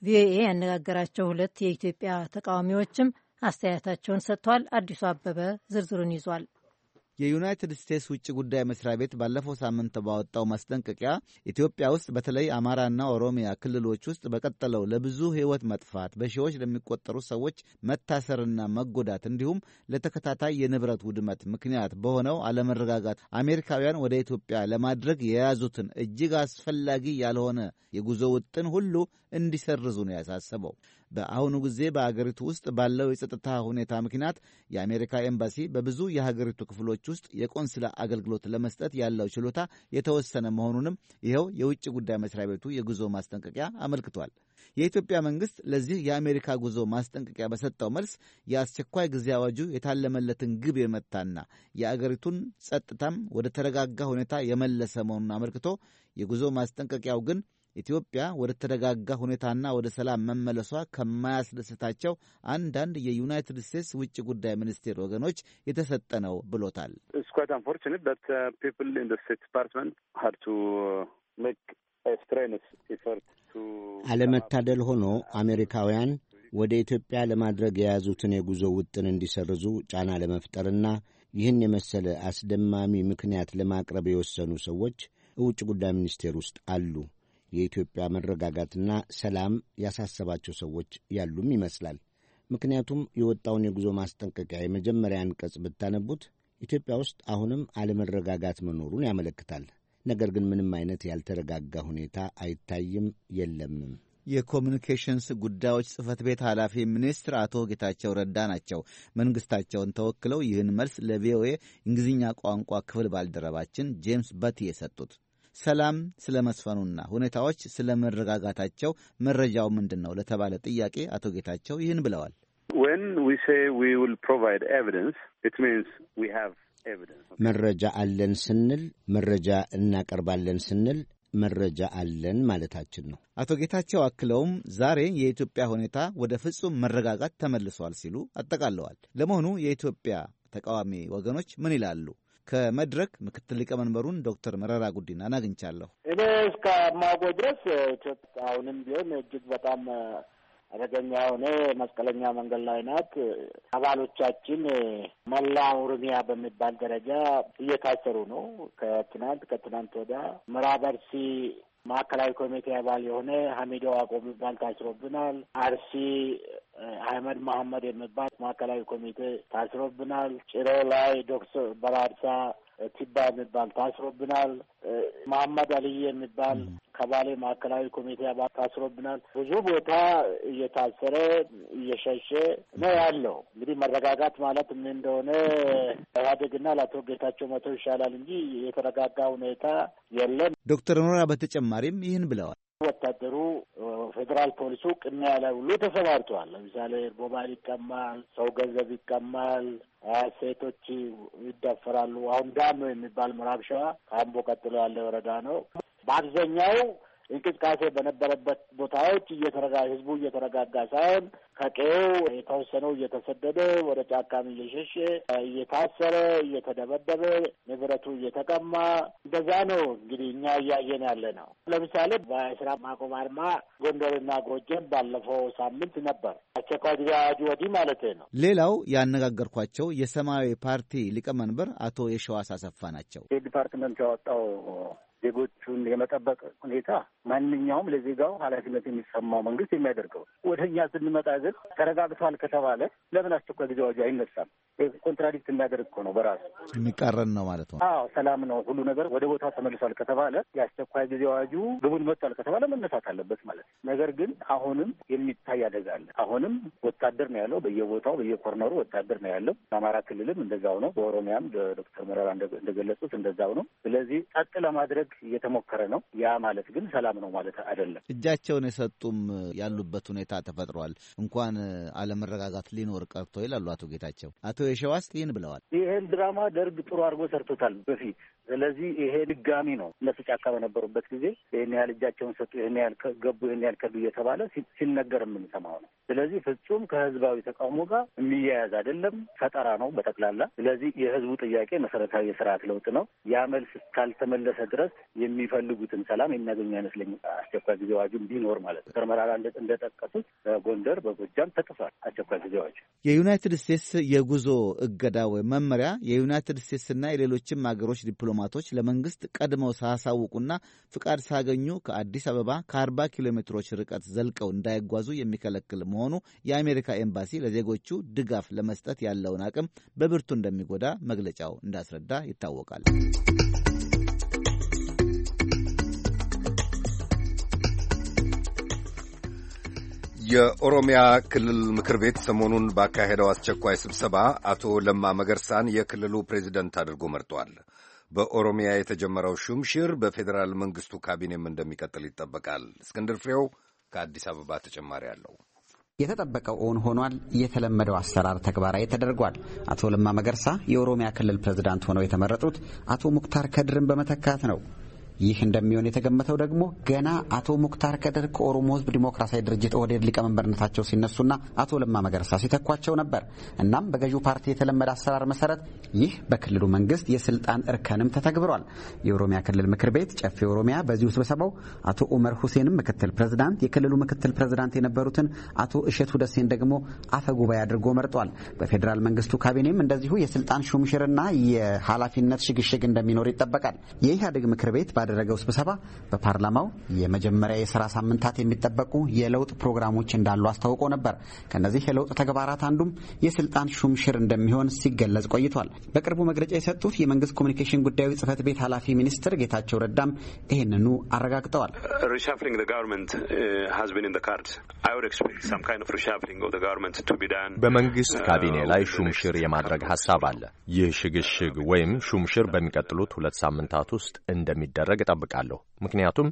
ቪኦኤ ያነጋገራቸው ሁለት የኢትዮጵያ ተቃዋሚዎችም አስተያየታቸውን ሰጥተዋል። አዲሱ አበበ ዝርዝሩን ይዟል። የዩናይትድ ስቴትስ ውጭ ጉዳይ መስሪያ ቤት ባለፈው ሳምንት ባወጣው ማስጠንቀቂያ ኢትዮጵያ ውስጥ በተለይ አማራና ኦሮሚያ ክልሎች ውስጥ በቀጠለው ለብዙ ሕይወት መጥፋት በሺዎች ለሚቆጠሩ ሰዎች መታሰርና መጎዳት እንዲሁም ለተከታታይ የንብረት ውድመት ምክንያት በሆነው አለመረጋጋት አሜሪካውያን ወደ ኢትዮጵያ ለማድረግ የያዙትን እጅግ አስፈላጊ ያልሆነ የጉዞ ውጥን ሁሉ እንዲሰርዙ ነው ያሳሰበው። በአሁኑ ጊዜ በአገሪቱ ውስጥ ባለው የጸጥታ ሁኔታ ምክንያት የአሜሪካ ኤምባሲ በብዙ የሀገሪቱ ክፍሎች ውስጥ የቆንስላ አገልግሎት ለመስጠት ያለው ችሎታ የተወሰነ መሆኑንም ይኸው የውጭ ጉዳይ መስሪያ ቤቱ የጉዞ ማስጠንቀቂያ አመልክቷል። የኢትዮጵያ መንግሥት ለዚህ የአሜሪካ ጉዞ ማስጠንቀቂያ በሰጠው መልስ የአስቸኳይ ጊዜ አዋጁ የታለመለትን ግብ የመታና የአገሪቱን ጸጥታም ወደ ተረጋጋ ሁኔታ የመለሰ መሆኑን አመልክቶ የጉዞ ማስጠንቀቂያው ግን ኢትዮጵያ ወደ ተረጋጋ ሁኔታና ወደ ሰላም መመለሷ ከማያስደስታቸው አንዳንድ የዩናይትድ ስቴትስ ውጭ ጉዳይ ሚኒስቴር ወገኖች የተሰጠ ነው ብሎታል። uh, uh, አለመታደል ሆኖ አሜሪካውያን ወደ ኢትዮጵያ ለማድረግ የያዙትን የጉዞ ውጥን እንዲሰርዙ ጫና ለመፍጠርና ይህን የመሰለ አስደማሚ ምክንያት ለማቅረብ የወሰኑ ሰዎች ውጭ ጉዳይ ሚኒስቴር ውስጥ አሉ። የኢትዮጵያ መረጋጋትና ሰላም ያሳሰባቸው ሰዎች ያሉም ይመስላል። ምክንያቱም የወጣውን የጉዞ ማስጠንቀቂያ የመጀመሪያ አንቀጽ ብታነቡት ኢትዮጵያ ውስጥ አሁንም አለመረጋጋት መኖሩን ያመለክታል። ነገር ግን ምንም አይነት ያልተረጋጋ ሁኔታ አይታይም የለምም። የኮሚኒኬሽንስ ጉዳዮች ጽህፈት ቤት ኃላፊ ሚኒስትር አቶ ጌታቸው ረዳ ናቸው መንግስታቸውን ተወክለው ይህን መልስ ለቪኦኤ እንግሊዝኛ ቋንቋ ክፍል ባልደረባችን ጄምስ በቲ የሰጡት። ሰላም ስለ መስፈኑና ሁኔታዎች ስለ መረጋጋታቸው መረጃው ምንድን ነው ለተባለ ጥያቄ አቶ ጌታቸው ይህን ብለዋል። መረጃ አለን ስንል መረጃ እናቀርባለን ስንል መረጃ አለን ማለታችን ነው። አቶ ጌታቸው አክለውም ዛሬ የኢትዮጵያ ሁኔታ ወደ ፍጹም መረጋጋት ተመልሷል ሲሉ አጠቃለዋል። ለመሆኑ የኢትዮጵያ ተቃዋሚ ወገኖች ምን ይላሉ? ከመድረክ ምክትል ሊቀመንበሩን ዶክተር መረራ ጉዲናን አግኝቻለሁ። እኔ እስከማውቀው ድረስ ኢትዮጵያ አሁንም ቢሆን እጅግ በጣም አደገኛ የሆነ መስቀለኛ መንገድ ላይ ናት። አባሎቻችን መላ ኦሮሚያ በሚባል ደረጃ እየታሰሩ ነው። ከትናንት ከትናንት ወዲያ ምዕራብ አርሲ ማዕከላዊ ኮሚቴ አባል የሆነ ሀሚዶ ዋቆ የሚባል ታስሮብናል። አርሲ አህመድ መሐመድ የሚባል ማዕከላዊ ኮሚቴ ታስሮብናል። ጭሮ ላይ ዶክተር በራርሳ ቲባ የሚባል ታስሮብናል። መሐመድ አልይ የሚባል ከባሌ ማዕከላዊ ኮሚቴ አባል ታስሮብናል። ብዙ ቦታ እየታሰረ እየሸሸ ነው ያለው። እንግዲህ መረጋጋት ማለት ምን እንደሆነ ኢህአዴግና ለአቶ ጌታቸው መቶ ይሻላል እንጂ የተረጋጋ ሁኔታ የለም። ዶክተር ኖራ በተጨማሪም ይህን ብለዋል። ወታደሩ ፌዴራል ፖሊሱ ቅሚያ ላይ ሁሉ ተሰማርተዋል። ለምሳሌ ሞባይል ይቀማል፣ ሰው ገንዘብ ይቀማል፣ ሴቶች ይደፈራሉ። አሁን ዳም የሚባል ምዕራብ ሸዋ ከአምቦ ቀጥሎ ያለ ወረዳ ነው። በአብዛኛው እንቅስቃሴ በነበረበት ቦታዎች እየተረጋ ህዝቡ እየተረጋጋ ሳይሆን ከቀዬው የተወሰነው እየተሰደደ ወደ ጫካም እየሸሸ እየታሰረ እየተደበደበ ንብረቱ እየተቀማ እንደዛ ነው እንግዲህ እኛ እያየን ያለ ነው። ለምሳሌ በስራ ማቆም አድማ ጎንደርና ጎጀም ባለፈው ሳምንት ነበር፣ አስቸኳይ ጊዜ አዋጁ ወዲህ ማለት ነው። ሌላው ያነጋገርኳቸው የሰማያዊ ፓርቲ ሊቀመንበር አቶ የሸዋስ አሰፋ ናቸው። ዲፓርትመንት ያወጣው ዜጎቹን የመጠበቅ ሁኔታ ማንኛውም ለዜጋው ኃላፊነት የሚሰማው መንግስት የሚያደርገው። ወደ እኛ ስንመጣ ግን ተረጋግቷል ከተባለ ለምን አስቸኳይ ጊዜ አዋጁ አይነሳም? ኮንትራዲክት የሚያደርግ እኮ ነው፣ በራሱ የሚቃረን ነው ማለት ነው። አዎ ሰላም ነው፣ ሁሉ ነገር ወደ ቦታው ተመልሷል ከተባለ የአስቸኳይ ጊዜ አዋጁ ግቡን መጥቷል ከተባለ መነሳት አለበት ማለት ነው። ነገር ግን አሁንም የሚታይ አደጋ አለ። አሁንም ወታደር ነው ያለው በየቦታው በየኮርነሩ ወታደር ነው ያለው። በአማራ ክልልም እንደዛው ነው። በኦሮሚያም ዶክተር መረራ እንደገለጹት እንደዛው ነው። ስለዚህ ጸጥ ለማድረግ ለማድረግ እየተሞከረ ነው። ያ ማለት ግን ሰላም ነው ማለት አይደለም። እጃቸውን የሰጡም ያሉበት ሁኔታ ተፈጥሯል። እንኳን አለመረጋጋት ሊኖር ቀርቶ ይላሉ አቶ ጌታቸው። አቶ የሸዋስ ይህን ብለዋል። ይህን ድራማ ደርግ ጥሩ አድርጎ ሰርቶታል። በፊት ስለዚህ ይሄ ድጋሚ ነው። እነሱ ጫካ በነበሩበት ጊዜ ይህን ያህል እጃቸውን ሰጡ፣ ይህን ያህል ገቡ፣ ይህን ያህል ከዱ እየተባለ ሲነገር የምንሰማው ነው። ስለዚህ ፍጹም ከህዝባዊ ተቃውሞ ጋር የሚያያዝ አይደለም፣ ፈጠራ ነው በጠቅላላ። ስለዚህ የህዝቡ ጥያቄ መሰረታዊ የስርዓት ለውጥ ነው። ያ መልስ እስካልተመለሰ ድረስ የሚፈልጉትን ሰላም የሚያገኙ አይመስለኝም። አስቸኳይ ጊዜ አዋጁ ቢኖር ማለት ነው። መራራ እንደጠቀሱት በጎንደር በጎጃም ተጥሷል አስቸኳይ ጊዜ አዋጁ። የዩናይትድ ስቴትስ የጉዞ እገዳ ወይም መመሪያ የዩናይትድ ስቴትስና የሌሎችም ሀገሮች ዲፕሎማ ተቋማቶች ለመንግስት ቀድመው ሳያሳውቁና ፍቃድ ሳገኙ ከአዲስ አበባ ከ40 ኪሎ ሜትሮች ርቀት ዘልቀው እንዳይጓዙ የሚከለክል መሆኑ የአሜሪካ ኤምባሲ ለዜጎቹ ድጋፍ ለመስጠት ያለውን አቅም በብርቱ እንደሚጎዳ መግለጫው እንዳስረዳ ይታወቃል። የኦሮሚያ ክልል ምክር ቤት ሰሞኑን ባካሄደው አስቸኳይ ስብሰባ አቶ ለማ መገርሳን የክልሉ ፕሬዚደንት አድርጎ መርጧል። በኦሮሚያ የተጀመረው ሹምሽር በፌዴራል መንግስቱ ካቢኔም እንደሚቀጥል ይጠበቃል። እስክንድር ፍሬው ከአዲስ አበባ ተጨማሪ አለው። የተጠበቀው እውን ሆኗል። የተለመደው አሰራር ተግባራዊ ተደርጓል። አቶ ለማ መገርሳ የኦሮሚያ ክልል ፕሬዝዳንት ሆነው የተመረጡት አቶ ሙክታር ከድርን በመተካት ነው። ይህ እንደሚሆን የተገመተው ደግሞ ገና አቶ ሙክታር ከድር ከኦሮሞ ህዝብ ዲሞክራሲያዊ ድርጅት ኦህዴድ ሊቀመንበርነታቸው ሲነሱና አቶ ለማ መገረሳ ሲተኳቸው ነበር። እናም በገዢው ፓርቲ የተለመደ አሰራር መሰረት ይህ በክልሉ መንግስት የስልጣን እርከንም ተተግብሯል። የኦሮሚያ ክልል ምክር ቤት ጨፌ ኦሮሚያ በዚሁ ስብሰባው አቶ ኡመር ሁሴንም ምክትል ፕሬዝዳንት፣ የክልሉ ምክትል ፕሬዝዳንት የነበሩትን አቶ እሸቱ ደሴን ደግሞ አፈ ጉባኤ አድርጎ መርጧል። በፌዴራል መንግስቱ ካቢኔም እንደዚሁ የስልጣን ሹምሽርና የኃላፊነት ሽግሽግ እንደሚኖር ይጠበቃል። የኢህአዴግ ምክር ቤት ባደረገው ስብሰባ በፓርላማው የመጀመሪያ የስራ ሳምንታት የሚጠበቁ የለውጥ ፕሮግራሞች እንዳሉ አስታውቆ ነበር። ከነዚህ የለውጥ ተግባራት አንዱም የስልጣን ሹምሽር እንደሚሆን ሲገለጽ ቆይቷል። በቅርቡ መግለጫ የሰጡት የመንግስት ኮሚኒኬሽን ጉዳዮች ጽህፈት ቤት ኃላፊ ሚኒስትር ጌታቸው ረዳም ይህንኑ አረጋግጠዋል። uh, በመንግስት uh, ካቢኔ ላይ ሹምሽር የማድረግ ሀሳብ አለ። ይህ ሽግሽግ ወይም ሹምሽር በሚቀጥሉት ሁለት ሳምንታት ውስጥ እንደሚደረግ እንደሚያደርግ እጠብቃለሁ። ምክንያቱም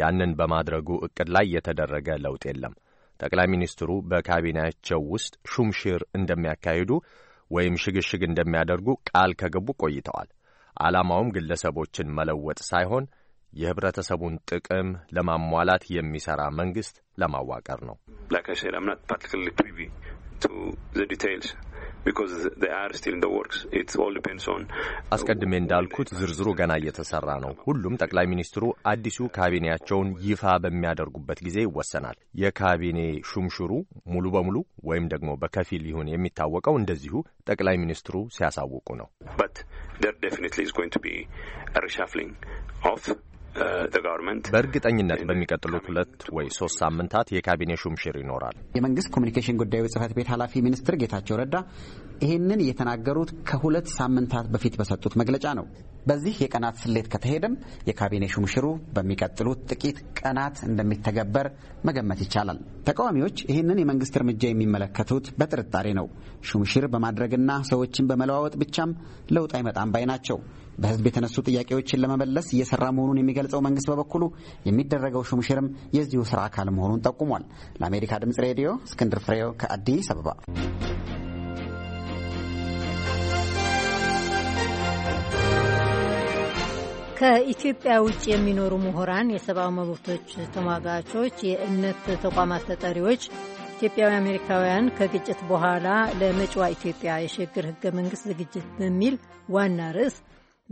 ያንን በማድረጉ እቅድ ላይ የተደረገ ለውጥ የለም። ጠቅላይ ሚኒስትሩ በካቢኔያቸው ውስጥ ሹምሽር እንደሚያካሂዱ ወይም ሽግሽግ እንደሚያደርጉ ቃል ከገቡ ቆይተዋል። ዓላማውም ግለሰቦችን መለወጥ ሳይሆን የህብረተሰቡን ጥቅም ለማሟላት የሚሰራ መንግስት ለማዋቀር ነው። Uh, አስቀድሜ እንዳልኩት ዝርዝሩ ገና እየተሰራ ነው። ሁሉም ጠቅላይ ሚኒስትሩ አዲሱ ካቢኔያቸውን ይፋ በሚያደርጉበት ጊዜ ይወሰናል። የካቢኔ ሹምሹሩ ሙሉ በሙሉ ወይም ደግሞ በከፊል ይሁን የሚታወቀው እንደዚሁ ጠቅላይ ሚኒስትሩ ሲያሳውቁ ነው። በእርግጠኝነት በሚቀጥሉት ሁለት ወይ ሶስት ሳምንታት የካቢኔ ሹምሽር ይኖራል። የመንግስት ኮሚኒኬሽን ጉዳዮች ጽህፈት ቤት ኃላፊ ሚኒስትር ጌታቸው ረዳ ይህንን የተናገሩት ከሁለት ሳምንታት በፊት በሰጡት መግለጫ ነው። በዚህ የቀናት ስሌት ከተሄደም የካቢኔ ሹምሽሩ በሚቀጥሉት ጥቂት ቀናት እንደሚተገበር መገመት ይቻላል። ተቃዋሚዎች ይህንን የመንግስት እርምጃ የሚመለከቱት በጥርጣሬ ነው። ሹምሽር በማድረግና ሰዎችን በመለዋወጥ ብቻም ለውጥ አይመጣም ባይ ናቸው። በህዝብ የተነሱ ጥያቄዎችን ለመመለስ እየሰራ መሆኑን የሚገልጸው መንግስት በበኩሉ የሚደረገው ሹምሽርም የዚሁ ስራ አካል መሆኑን ጠቁሟል። ለአሜሪካ ድምጽ ሬዲዮ እስክንድር ፍሬው ከአዲስ አበባ። ከኢትዮጵያ ውጭ የሚኖሩ ምሁራን፣ የሰብአዊ መብቶች ተሟጋቾች፣ የእምነት ተቋማት ተጠሪዎች ኢትዮጵያዊ አሜሪካውያን ከግጭት በኋላ ለመጪዋ ኢትዮጵያ የሽግግር ህገ መንግስት ዝግጅት በሚል ዋና ርዕስ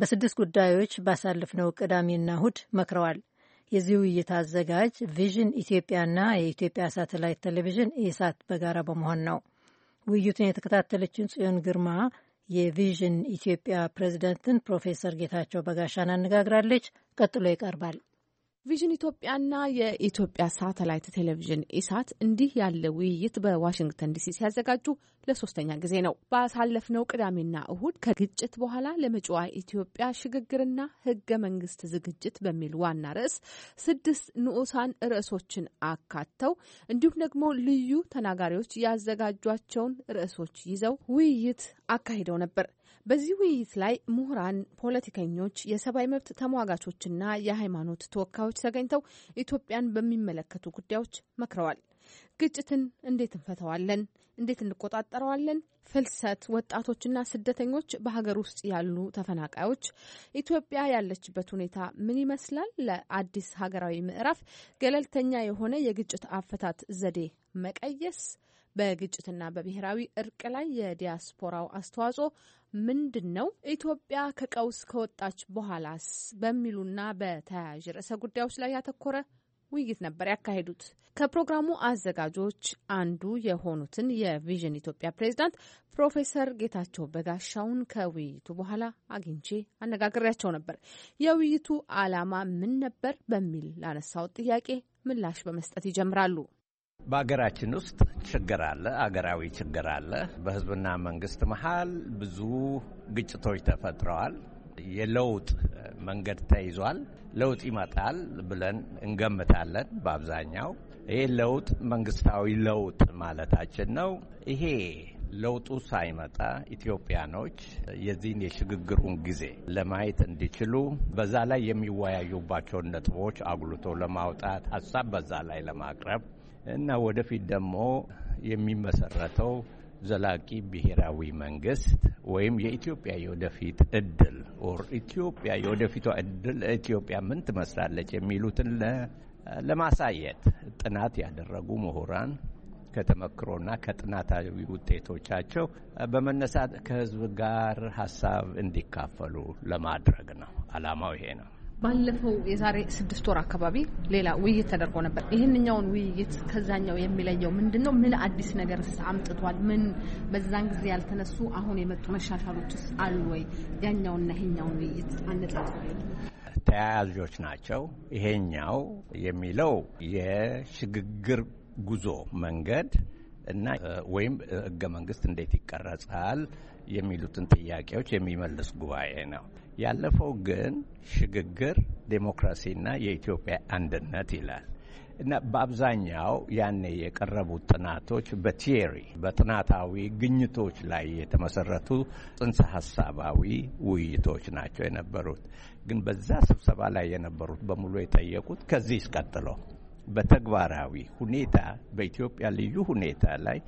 በስድስት ጉዳዮች ባሳለፍነው ቅዳሜና እሁድ መክረዋል። የዚህ ውይይት አዘጋጅ ቪዥን ኢትዮጵያና የኢትዮጵያ ሳተላይት ቴሌቪዥን ኢሳት በጋራ በመሆን ነው። ውይይቱን የተከታተለችን ጽዮን ግርማ የቪዥን ኢትዮጵያ ፕሬዝደንትን ፕሮፌሰር ጌታቸው በጋሻን አነጋግራለች። ቀጥሎ ይቀርባል። ቪዥን ኢትዮጵያና የኢትዮጵያ ሳተላይት ቴሌቪዥን ኢሳት እንዲህ ያለ ውይይት በዋሽንግተን ዲሲ ሲያዘጋጁ ለሶስተኛ ጊዜ ነው። ባሳለፍነው ቅዳሜና እሁድ ከግጭት በኋላ ለመጪዋ ኢትዮጵያ ሽግግርና ህገ መንግስት ዝግጅት በሚል ዋና ርዕስ ስድስት ንዑሳን ርዕሶችን አካተው እንዲሁም ደግሞ ልዩ ተናጋሪዎች ያዘጋጇቸውን ርዕሶች ይዘው ውይይት አካሂደው ነበር። በዚህ ውይይት ላይ ምሁራን፣ ፖለቲከኞች፣ የሰብአዊ መብት ተሟጋቾችና የሃይማኖት ተወካዮች ተገኝተው ኢትዮጵያን በሚመለከቱ ጉዳዮች መክረዋል። ግጭትን እንዴት እንፈተዋለን? እንዴት እንቆጣጠረዋለን? ፍልሰት፣ ወጣቶችና ስደተኞች፣ በሀገር ውስጥ ያሉ ተፈናቃዮች፣ ኢትዮጵያ ያለችበት ሁኔታ ምን ይመስላል? ለአዲስ ሀገራዊ ምዕራፍ ገለልተኛ የሆነ የግጭት አፈታት ዘዴ መቀየስ፣ በግጭትና በብሔራዊ እርቅ ላይ የዲያስፖራው አስተዋጽኦ ምንድን ነው ኢትዮጵያ ከቀውስ ከወጣች በኋላስ በሚሉና በተያያዥ ርዕሰ ጉዳዮች ላይ ያተኮረ ውይይት ነበር ያካሄዱት። ከፕሮግራሙ አዘጋጆች አንዱ የሆኑትን የቪዥን ኢትዮጵያ ፕሬዝዳንት ፕሮፌሰር ጌታቸው በጋሻውን ከውይይቱ በኋላ አግኝቼ አነጋግሬያቸው ነበር። የውይይቱ ዓላማ ምን ነበር በሚል ላነሳው ጥያቄ ምላሽ በመስጠት ይጀምራሉ። በሀገራችን ውስጥ ችግር አለ፣ አገራዊ ችግር አለ። በህዝብና መንግስት መሀል ብዙ ግጭቶች ተፈጥረዋል። የለውጥ መንገድ ተይዟል። ለውጥ ይመጣል ብለን እንገምታለን። በአብዛኛው ይሄ ለውጥ መንግስታዊ ለውጥ ማለታችን ነው። ይሄ ለውጡ ሳይመጣ ኢትዮጵያኖች የዚህን የሽግግሩን ጊዜ ለማየት እንዲችሉ በዛ ላይ የሚወያዩባቸውን ነጥቦች አጉልቶ ለማውጣት ሀሳብ በዛ ላይ ለማቅረብ እና ወደፊት ደግሞ የሚመሰረተው ዘላቂ ብሔራዊ መንግስት ወይም የኢትዮጵያ የወደፊት እድል ኦር ኢትዮጵያ የወደፊቷ እድል ኢትዮጵያ ምን ትመስላለች የሚሉትን ለማሳየት ጥናት ያደረጉ ምሁራን ከተመክሮና ከጥናታዊ ውጤቶቻቸው በመነሳት ከህዝብ ጋር ሀሳብ እንዲካፈሉ ለማድረግ ነው። አላማው ይሄ ነው። ባለፈው የዛሬ ስድስት ወር አካባቢ ሌላ ውይይት ተደርጎ ነበር። ይህንኛውን ውይይት ከዛኛው የሚለየው ምንድን ነው? ምን አዲስ ነገርስ አምጥቷል? ምን በዛን ጊዜ ያልተነሱ አሁን የመጡ መሻሻሎችስ አሉ ወይ? ያኛውና ይሄኛውን ውይይት አነጻጽ ተያያዦች ናቸው። ይሄኛው የሚለው የሽግግር ጉዞ መንገድ እና ወይም ህገ መንግስት እንዴት ይቀረጻል የሚሉትን ጥያቄዎች የሚመልስ ጉባኤ ነው። ያለፈው ግን ሽግግር ዴሞክራሲና የኢትዮጵያ አንድነት ይላል እና በአብዛኛው ያኔ የቀረቡት ጥናቶች በቲሪ በጥናታዊ ግኝቶች ላይ የተመሰረቱ ጽንሰ ሀሳባዊ ውይይቶች ናቸው የነበሩት። ግን በዛ ስብሰባ ላይ የነበሩት በሙሉ የጠየቁት ከዚህ እስቀጥሎ በተግባራዊ ሁኔታ በኢትዮጵያ ልዩ ሁኔታ ላይ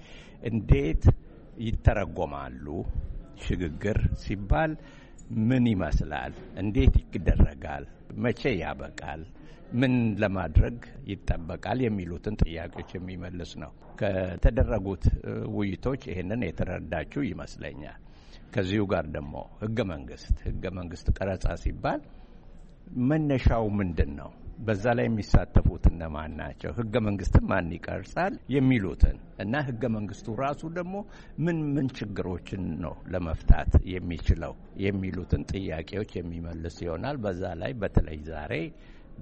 እንዴት ይተረጎማሉ ሽግግር ሲባል ምን ይመስላል? እንዴት ይደረጋል? መቼ ያበቃል? ምን ለማድረግ ይጠበቃል? የሚሉትን ጥያቄዎች የሚመልስ ነው። ከተደረጉት ውይይቶች ይህንን የተረዳችው ይመስለኛል። ከዚሁ ጋር ደግሞ ህገ መንግስት ህገ መንግስት ቀረጻ ሲባል መነሻው ምንድን ነው? በዛ ላይ የሚሳተፉት እነማን ናቸው፣ ህገ መንግስትን ማን ይቀርጻል የሚሉትን እና ህገ መንግስቱ ራሱ ደግሞ ምን ምን ችግሮችን ነው ለመፍታት የሚችለው የሚሉትን ጥያቄዎች የሚመልስ ይሆናል። በዛ ላይ በተለይ ዛሬ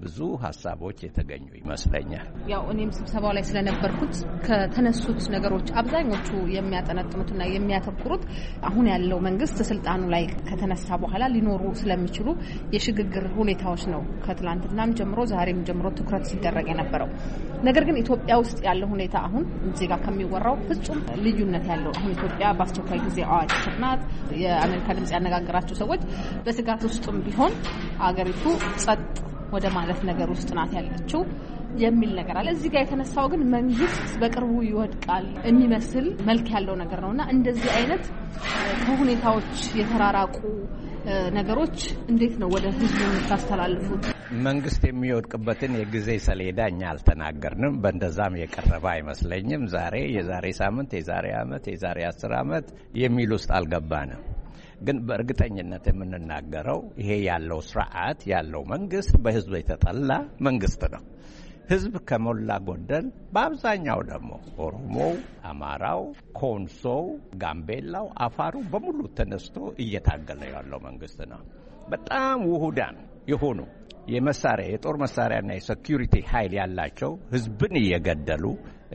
ብዙ ሀሳቦች የተገኙ ይመስለኛል። ያው እኔም ስብሰባው ላይ ስለነበርኩት ከተነሱት ነገሮች አብዛኞቹ የሚያጠነጥኑትና የሚያተኩሩት አሁን ያለው መንግስት ስልጣኑ ላይ ከተነሳ በኋላ ሊኖሩ ስለሚችሉ የሽግግር ሁኔታዎች ነው። ከትላንትናም ጀምሮ ዛሬም ጀምሮ ትኩረት ሲደረግ የነበረው ነገር ግን ኢትዮጵያ ውስጥ ያለው ሁኔታ አሁን እዚህ ጋር ከሚወራው ፍጹም ልዩነት ያለው አሁን ኢትዮጵያ በአስቸኳይ ጊዜ አዋጅ ስር ናት። የአሜሪካ ድምጽ ያነጋገራቸው ሰዎች በስጋት ውስጥም ቢሆን አገሪቱ ጸጥ ወደ ማለት ነገር ውስጥ ናት ያለችው የሚል ነገር አለ። እዚህ ጋር የተነሳው ግን መንግስት በቅርቡ ይወድቃል የሚመስል መልክ ያለው ነገር ነው እና እንደዚህ አይነት ከሁኔታዎች የተራራቁ ነገሮች እንዴት ነው ወደ ህዝብ የምታስተላልፉት? መንግስት የሚወድቅበትን የጊዜ ሰሌዳ እኛ አልተናገርንም። በእንደዛም የቀረበ አይመስለኝም። ዛሬ፣ የዛሬ ሳምንት፣ የዛሬ አመት፣ የዛሬ አስር አመት የሚል ውስጥ አልገባንም። ግን በእርግጠኝነት የምንናገረው ይሄ ያለው ስርዓት ያለው መንግስት በህዝብ የተጠላ መንግስት ነው። ህዝብ ከሞላ ጎደል በአብዛኛው ደግሞ ኦሮሞው፣ አማራው፣ ኮንሶው፣ ጋምቤላው፣ አፋሩ በሙሉ ተነስቶ እየታገለ ያለው መንግስት ነው። በጣም ውሁዳን የሆኑ የመሳሪያ የጦር መሳሪያና የሴኪሪቲ ኃይል ያላቸው ህዝብን እየገደሉ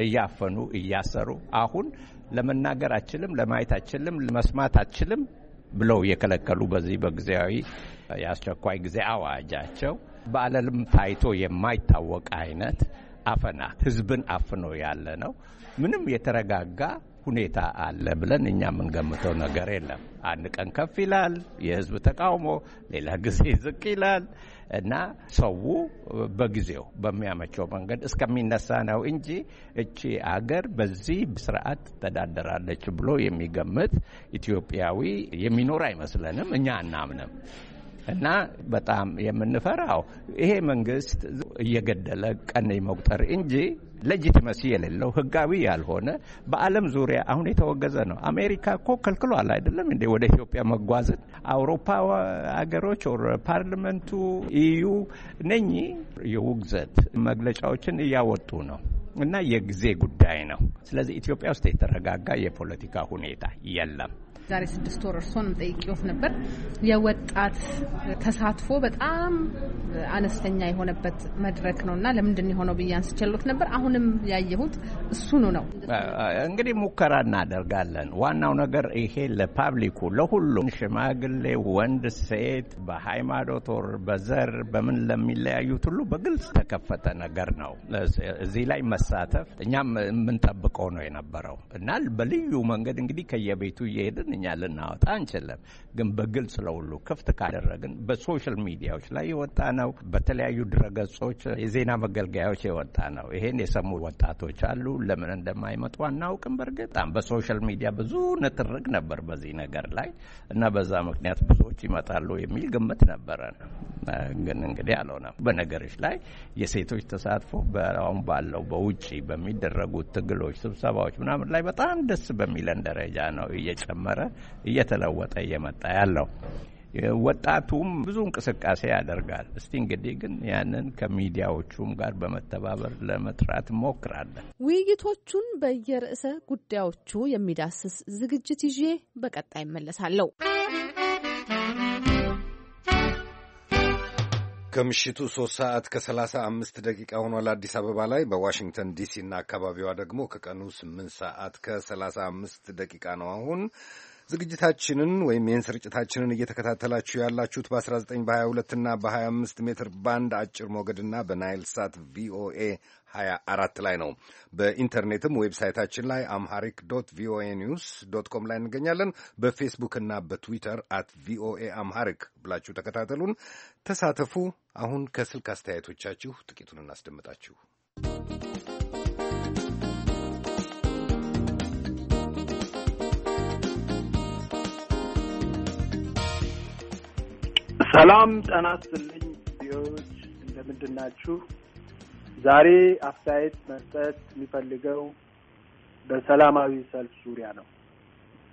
እያፈኑ እያሰሩ አሁን ለመናገር አችልም፣ ለማየት አችልም፣ ለመስማት አችልም ብለው የከለከሉ በዚህ በጊዜያዊ የአስቸኳይ ጊዜ አዋጃቸው በዓለም ታይቶ የማይታወቅ አይነት አፈና ህዝብን አፍኖ ያለ ነው። ምንም የተረጋጋ ሁኔታ አለ ብለን እኛ የምንገምተው ነገር የለም። አንድ ቀን ከፍ ይላል የህዝብ ተቃውሞ፣ ሌላ ጊዜ ዝቅ ይላል። እና ሰው በጊዜው በሚያመቸው መንገድ እስከሚነሳ ነው እንጂ እቺ አገር በዚህ ስርዓት ትተዳደራለች ብሎ የሚገምት ኢትዮጵያዊ የሚኖር አይመስለንም፣ እኛ አናምንም። እና በጣም የምንፈራው ይሄ መንግስት እየገደለ ቀን መቁጠር እንጂ ሌጂቲመሲ የሌለው ህጋዊ ያልሆነ በዓለም ዙሪያ አሁን የተወገዘ ነው። አሜሪካ እኮ ከልክሏል አይደለም እንዴ? ወደ ኢትዮጵያ መጓዝን አውሮፓ ሀገሮች ፓርሊመንቱ ኢዩ ነኚ የውግዘት መግለጫዎችን እያወጡ ነው። እና የጊዜ ጉዳይ ነው። ስለዚህ ኢትዮጵያ ውስጥ የተረጋጋ የፖለቲካ ሁኔታ የለም። ዛሬ ስድስት ወር እርሶንም ጠይቄዎት ነበር። የወጣት ተሳትፎ በጣም አነስተኛ የሆነበት መድረክ ነው እና ለምንድን የሆነው ብዬ አንስቼሎት ነበር። አሁንም ያየሁት እሱኑ ነው። እንግዲህ ሙከራ እናደርጋለን። ዋናው ነገር ይሄ ለፓብሊኩ ለሁሉም፣ ሽማግሌ፣ ወንድ፣ ሴት በሃይማኖት ወር በዘር በምን ለሚለያዩት ሁሉ በግልጽ ተከፈተ ነገር ነው። እዚህ ላይ መሳተፍ እኛም የምንጠብቀው ነው የነበረው እና በልዩ መንገድ እንግዲህ ከየቤቱ እየሄድን በአማርኛ ልናወጣ አንችልም። ግን በግልጽ ለሁሉ ክፍት ካደረግን በሶሻል ሚዲያዎች ላይ የወጣ ነው፣ በተለያዩ ድረገጾች፣ የዜና መገልገያዎች የወጣ ነው። ይሄን የሰሙ ወጣቶች አሉ። ለምን እንደማይመጡ አናውቅም። በእርግጣም በሶሻል ሚዲያ ብዙ ንትርክ ነበር በዚህ ነገር ላይ እና በዛ ምክንያት ብዙዎች ይመጣሉ የሚል ግምት ነበረ። ግን እንግዲህ አልሆነም። በነገሮች ላይ የሴቶች ተሳትፎ አሁን ባለው በውጭ በሚደረጉት ትግሎች፣ ስብሰባዎች ምናምን ላይ በጣም ደስ በሚለን ደረጃ ነው እየጨመረ እየተለወጠ እየመጣ ያለው። ወጣቱም ብዙ እንቅስቃሴ ያደርጋል። እስቲ እንግዲህ ግን ያንን ከሚዲያዎቹም ጋር በመተባበር ለመጥራት እሞክራለን። ውይይቶቹን በየርዕሰ ጉዳዮቹ የሚዳስስ ዝግጅት ይዤ በቀጣይ እመለሳለሁ። ከምሽቱ ሶስት ሰዓት ከሰላሳ አምስት ደቂቃ ሆኗል አዲስ አበባ ላይ። በዋሽንግተን ዲሲ እና አካባቢዋ ደግሞ ከቀኑ ስምንት ሰዓት ከሰላሳ አምስት ደቂቃ ነው አሁን ዝግጅታችንን ወይም ይህን ስርጭታችንን እየተከታተላችሁ ያላችሁት በ19 በ22 እና በ25 ሜትር ባንድ አጭር ሞገድና በናይል ሳት ቪኦኤ 24 ላይ ነው። በኢንተርኔትም ዌብሳይታችን ላይ አምሃሪክ ዶት ቪኦኤ ኒውስ ዶት ኮም ላይ እንገኛለን። በፌስቡክ እና በትዊተር አት ቪኦኤ አምሃሪክ ብላችሁ ተከታተሉን፣ ተሳተፉ። አሁን ከስልክ አስተያየቶቻችሁ ጥቂቱን እናስደምጣችሁ። ሰላም ጤና ይስጥልኝ። ቪዲዮዎች እንደምንድን ናችሁ? ዛሬ አስተያየት መስጠት የሚፈልገው በሰላማዊ ሰልፍ ዙሪያ ነው።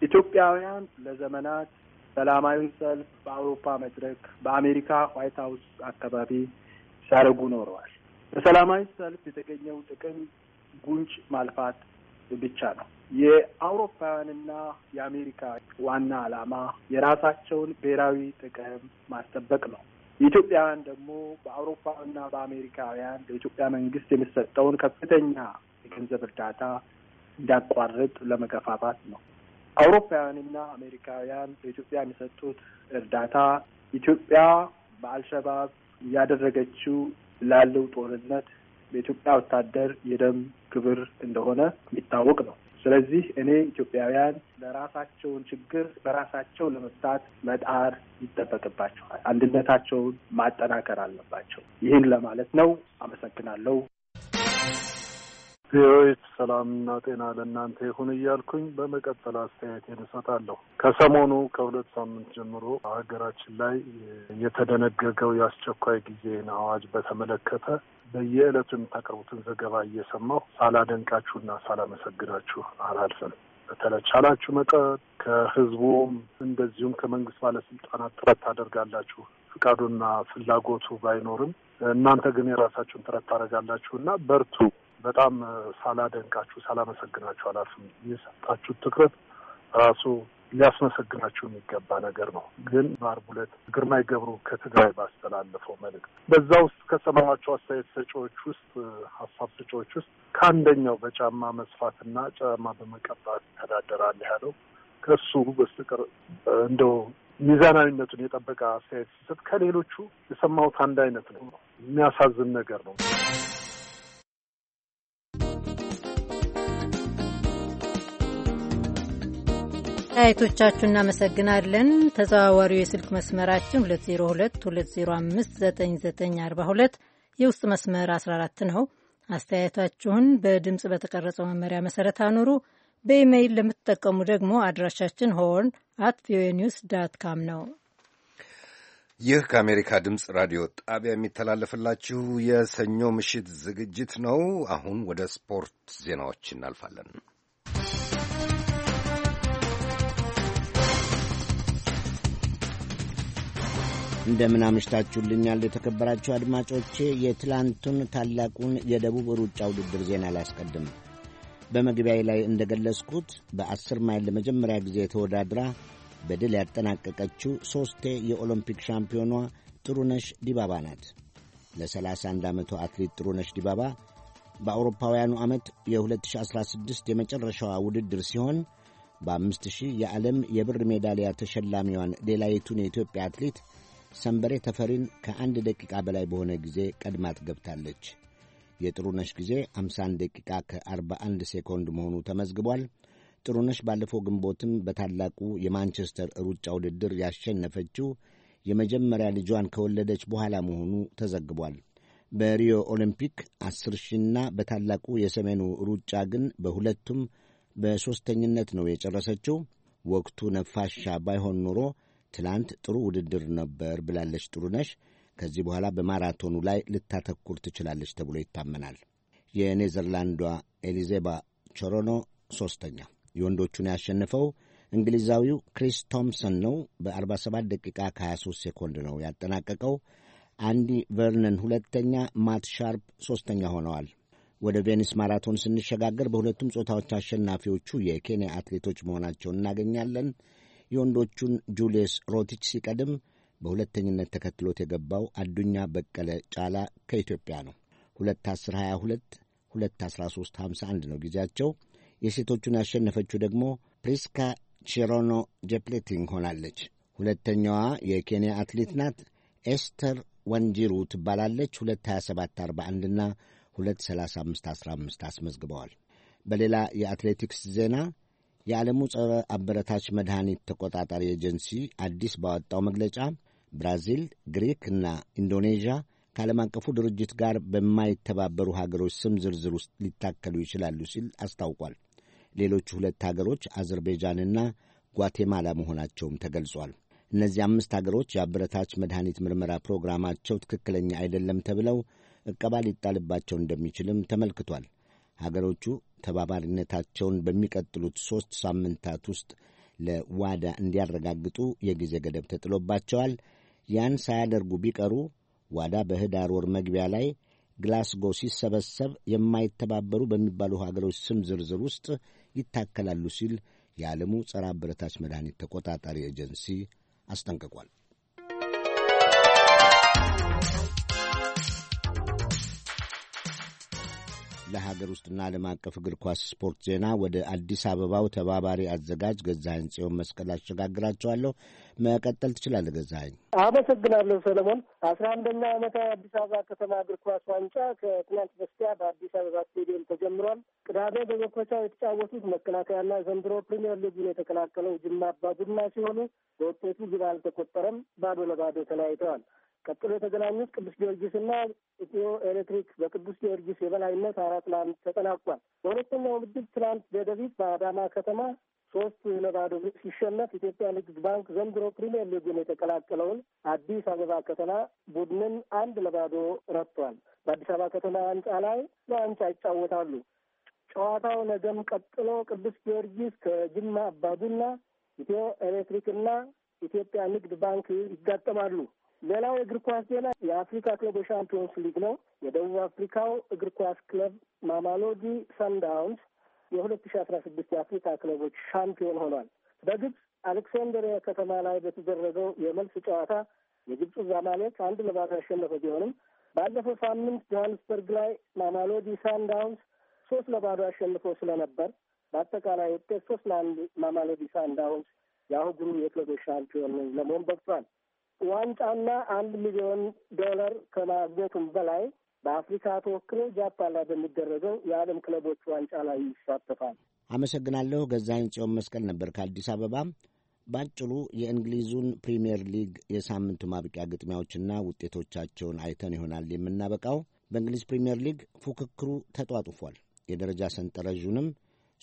ኢትዮጵያውያን ለዘመናት ሰላማዊ ሰልፍ በአውሮፓ መድረክ፣ በአሜሪካ ዋይት ሀውስ አካባቢ ሲያደርጉ ኖረዋል። በሰላማዊ ሰልፍ የተገኘው ጥቅም ጉንጭ ማልፋት ብቻ ነው። የአውሮፓውያንና የአሜሪካ ዋና ዓላማ የራሳቸውን ብሔራዊ ጥቅም ማስጠበቅ ነው። ኢትዮጵያውያን ደግሞ በአውሮፓና በአሜሪካውያን በኢትዮጵያ መንግስት የሚሰጠውን ከፍተኛ የገንዘብ እርዳታ እንዲያቋርጥ ለመገፋፋት ነው። አውሮፓውያንና አሜሪካውያን በኢትዮጵያ የሚሰጡት እርዳታ ኢትዮጵያ በአልሸባብ እያደረገችው ላለው ጦርነት በኢትዮጵያ ወታደር የደም ግብር እንደሆነ የሚታወቅ ነው። ስለዚህ እኔ ኢትዮጵያውያን ለራሳቸውን ችግር በራሳቸው ለመፍታት መጣር ይጠበቅባቸዋል። አንድነታቸውን ማጠናከር አለባቸው። ይህን ለማለት ነው። አመሰግናለሁ። ቪኦኤች ሰላምና ጤና ለእናንተ ይሁን እያልኩኝ በመቀጠል አስተያየቴን እሰጣለሁ። ከሰሞኑ ከሁለት ሳምንት ጀምሮ ሀገራችን ላይ የተደነገገው የአስቸኳይ ጊዜን አዋጅ በተመለከተ በየዕለቱ የምታቀርቡትን ዘገባ እየሰማሁ ሳላደንቃችሁና ሳላመሰግናችሁ አላልፍም። በተለቻላችሁ ቻላችሁ መጠን ከህዝቡም እንደዚሁም ከመንግስት ባለስልጣናት ጥረት ታደርጋላችሁ። ፍቃዱና ፍላጎቱ ባይኖርም እናንተ ግን የራሳችሁን ጥረት ታደርጋላችሁ እና በርቱ። በጣም ሳላደንቃችሁ ሳላመሰግናችሁ አላልፍም። የሰጣችሁ ትኩረት ራሱ ሊያስመሰግናቸው የሚገባ ነገር ነው። ግን በአርብ ዕለት ግርማይ ገብሩ ከትግራይ ባስተላለፈው መልእክት በዛ ውስጥ ከሰማኋቸው አስተያየት ሰጪዎች ውስጥ ሀሳብ ሰጪዎች ውስጥ ከአንደኛው በጫማ መስፋትና ጫማ በመቀባት ይተዳደራል ያለው ከእሱ በስተቀር እንደው ሚዛናዊነቱን የጠበቀ አስተያየት ሲሰጥ ከሌሎቹ የሰማሁት አንድ አይነት ነው። የሚያሳዝን ነገር ነው። አስተያየቶቻችሁ እናመሰግናለን። ተዘዋዋሪው የስልክ መስመራችን 2022059942 የውስጥ መስመር 14 ነው። አስተያየታችሁን በድምፅ በተቀረጸው መመሪያ መሰረት አኑሩ። በኢሜይል ለምትጠቀሙ ደግሞ አድራሻችን ሆርን አት ቪኦኤ ኒውስ ዳት ካም ነው። ይህ ከአሜሪካ ድምፅ ራዲዮ ጣቢያ የሚተላለፍላችሁ የሰኞ ምሽት ዝግጅት ነው። አሁን ወደ ስፖርት ዜናዎች እናልፋለን። እንደምን አምሽታችሁልኛል የተከበራችሁ አድማጮቼ። የትላንቱን ታላቁን የደቡብ ሩጫ ውድድር ዜና ላስቀድም። በመግቢያ ላይ እንደገለጽኩት በአስር ማይል ለመጀመሪያ ጊዜ ተወዳድራ በድል ያጠናቀቀችው ሦስቴ የኦሎምፒክ ሻምፒዮኗ ጥሩነሽ ዲባባ ናት። ለ31 ዓመቱ አትሌት ጥሩነሽ ዲባባ በአውሮፓውያኑ ዓመት የ2016 የመጨረሻዋ ውድድር ሲሆን በአምስት ሺህ የዓለም የብር ሜዳሊያ ተሸላሚዋን ሌላዪቱን የኢትዮጵያ አትሌት ሰንበሬ ተፈሪን ከአንድ ደቂቃ በላይ በሆነ ጊዜ ቀድማት ገብታለች። የጥሩነሽ ጊዜ 51 ደቂቃ ከ41 ሴኮንድ መሆኑ ተመዝግቧል። ጥሩነሽ ባለፈው ግንቦትም በታላቁ የማንቸስተር ሩጫ ውድድር ያሸነፈችው የመጀመሪያ ልጇን ከወለደች በኋላ መሆኑ ተዘግቧል። በሪዮ ኦሎምፒክ 10 ሺና በታላቁ የሰሜኑ ሩጫ ግን በሁለቱም በሦስተኝነት ነው የጨረሰችው። ወቅቱ ነፋሻ ባይሆን ኖሮ ትላንት ጥሩ ውድድር ነበር ብላለች ጥሩነሽ። ከዚህ በኋላ በማራቶኑ ላይ ልታተኩር ትችላለች ተብሎ ይታመናል። የኔዘርላንዷ ኤሊዜባ ቾሮኖ ሦስተኛ፣ የወንዶቹን ያሸነፈው እንግሊዛዊው ክሪስ ቶምሰን ነው። በ47 ደቂቃ ከ23 ሴኮንድ ነው ያጠናቀቀው። አንዲ ቨርነን ሁለተኛ፣ ማት ሻርፕ ሦስተኛ ሆነዋል። ወደ ቬኒስ ማራቶን ስንሸጋገር በሁለቱም ጾታዎች አሸናፊዎቹ የኬንያ አትሌቶች መሆናቸውን እናገኛለን። የወንዶቹን ጁልየስ ሮቲች ሲቀድም በሁለተኝነት ተከትሎት የገባው አዱኛ በቀለ ጫላ ከኢትዮጵያ ነው። 21022 21351 ነው ጊዜያቸው። የሴቶቹን ያሸነፈችው ደግሞ ፕሪስካ ቺሮኖ ጄፕሌቲንግ ሆናለች። ሁለተኛዋ የኬንያ አትሌት ናት። ኤስተር ወንጂሩ ትባላለች። 22741 እና 23515 አስመዝግበዋል። በሌላ የአትሌቲክስ ዜና የዓለሙ ጸረ አበረታች መድኃኒት ተቆጣጣሪ ኤጀንሲ አዲስ ባወጣው መግለጫ ብራዚል፣ ግሪክ እና ኢንዶኔዥያ ከዓለም አቀፉ ድርጅት ጋር በማይተባበሩ ሀገሮች ስም ዝርዝር ውስጥ ሊታከሉ ይችላሉ ሲል አስታውቋል። ሌሎቹ ሁለት ሀገሮች አዘርቤጃንና ጓቴማላ መሆናቸውም ተገልጿል። እነዚህ አምስት ሀገሮች የአበረታች መድኃኒት ምርመራ ፕሮግራማቸው ትክክለኛ አይደለም ተብለው እቀባ ሊጣልባቸው እንደሚችልም ተመልክቷል። ሀገሮቹ ተባባሪነታቸውን በሚቀጥሉት ሦስት ሳምንታት ውስጥ ለዋዳ እንዲያረጋግጡ የጊዜ ገደብ ተጥሎባቸዋል። ያን ሳያደርጉ ቢቀሩ ዋዳ በህዳር ወር መግቢያ ላይ ግላስጎ ሲሰበሰብ የማይተባበሩ በሚባሉ ሀገሮች ስም ዝርዝር ውስጥ ይታከላሉ ሲል የዓለሙ ጸረ አበረታች መድኃኒት ተቆጣጣሪ ኤጀንሲ አስጠንቅቋል። ለሀገር ውስጥና ዓለም አቀፍ እግር ኳስ ስፖርት ዜና ወደ አዲስ አበባው ተባባሪ አዘጋጅ ገዛኸኝ ጽዮን መስቀል አሸጋግራቸዋለሁ። መቀጠል ትችላለህ ገዛኸኝ። አመሰግናለሁ ሰለሞን። አስራ አንደኛ ዓመታ የአዲስ አበባ ከተማ እግር ኳስ ዋንጫ ከትናንት በስቲያ በአዲስ አበባ ስቴዲየም ተጀምሯል። ቅዳሜ በመክፈቻው የተጫወቱት መከላከያና ዘንድሮ ፕሪሚየር ሊጉን የተቀላቀለው ጅማ አባ ቡና ሲሆኑ በውጤቱ ግብ አልተቆጠረም፣ ባዶ ለባዶ ተለያይተዋል። ቀጥሎ የተገናኙት ቅዱስ ጊዮርጊስና ኢትዮ ኤሌክትሪክ በቅዱስ ጊዮርጊስ የበላይነት አራት ለአንድ ተጠናቋል። በሁለተኛው ምድብ ትናንት ደደቢት በአዳማ ከተማ ሶስት ለባዶ ሲሸነፍ ኢትዮጵያ ንግድ ባንክ ዘንድሮ ፕሪሚየር ሊግን የተቀላቀለውን አዲስ አበባ ከተማ ቡድንን አንድ ለባዶ ረትቷል። በአዲስ አበባ ከተማ ዋንጫ ላይ ለዋንጫ ይጫወታሉ። ጨዋታው ነገም ቀጥሎ ቅዱስ ጊዮርጊስ ከጅማ አባዱና ኢትዮ ኤሌክትሪክና ኢትዮጵያ ንግድ ባንክ ይጋጠማሉ። ሌላው የእግር ኳስ ዜና የአፍሪካ ክለቦች ሻምፒዮንስ ሊግ ነው። የደቡብ አፍሪካው እግር ኳስ ክለብ ማማሎዲ ሰንዳውንስ የሁለት ሺ አስራ ስድስት የአፍሪካ ክለቦች ሻምፒዮን ሆኗል። በግብፅ አሌክሳንደሪያ ከተማ ላይ በተደረገው የመልስ ጨዋታ የግብፁ ዛማሌክ አንድ ለባዶ ያሸነፈ ቢሆንም ባለፈው ሳምንት ጆሀንስበርግ ላይ ማማሎዲ ሳንዳውንስ ሶስት ለባዶ አሸንፎ ስለነበር በአጠቃላይ ውጤት ሶስት ለአንድ ማማሎዲ ሳንዳውንስ የአህጉሩ የክለቦች ሻምፒዮን ለመሆን በቅቷል። ዋንጫና አንድ ሚሊዮን ዶላር ከማግኘቱም በላይ በአፍሪካ ተወክሎ ጃፓን ላይ በሚደረገው የዓለም ክለቦች ዋንጫ ላይ ይሳተፋል። አመሰግናለሁ። ገዛኝ ጽዮን መስቀል ነበር ከአዲስ አበባ። በአጭሩ የእንግሊዙን ፕሪምየር ሊግ የሳምንቱ ማብቂያ ግጥሚያዎችና ውጤቶቻቸውን አይተን ይሆናል የምናበቃው። በእንግሊዝ ፕሪምየር ሊግ ፉክክሩ ተጧጡፏል። የደረጃ ሰንጠረዡንም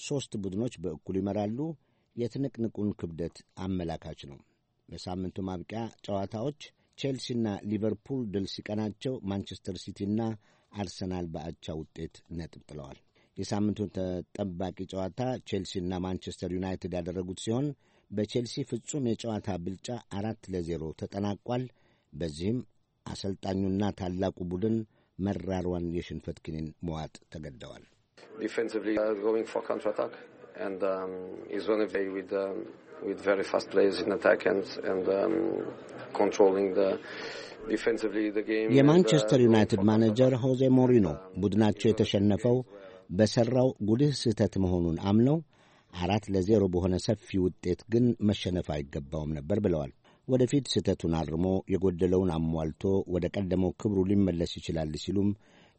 ሦስት ቡድኖች በእኩል ይመራሉ። የትንቅንቁን ክብደት አመላካች ነው። በሳምንቱ ማብቂያ ጨዋታዎች ቼልሲና ሊቨርፑል ድል ሲቀናቸው ማንቸስተር ሲቲና አርሰናል በአቻ ውጤት ነጥብ ጥለዋል። የሳምንቱን ተጠባቂ ጨዋታ ቼልሲና ማንቸስተር ዩናይትድ ያደረጉት ሲሆን በቼልሲ ፍጹም የጨዋታ ብልጫ አራት ለዜሮ ተጠናቋል። በዚህም አሰልጣኙና ታላቁ ቡድን መራሯን የሽንፈት ክኒን መዋጥ ተገደዋል። with very fast players in attack and, and um, controlling the defensively the game. Uh, የማንቸስተር ዩናይትድ ማኔጀር ሆዜ ሞሪኖ ቡድናቸው የተሸነፈው በሰራው ጉልህ ስህተት መሆኑን አምነው አራት ለዜሮ በሆነ ሰፊ ውጤት ግን መሸነፍ አይገባውም ነበር ብለዋል። ወደፊት ስህተቱን አርሞ የጎደለውን አሟልቶ ወደ ቀደመው ክብሩ ሊመለስ ይችላል ሲሉም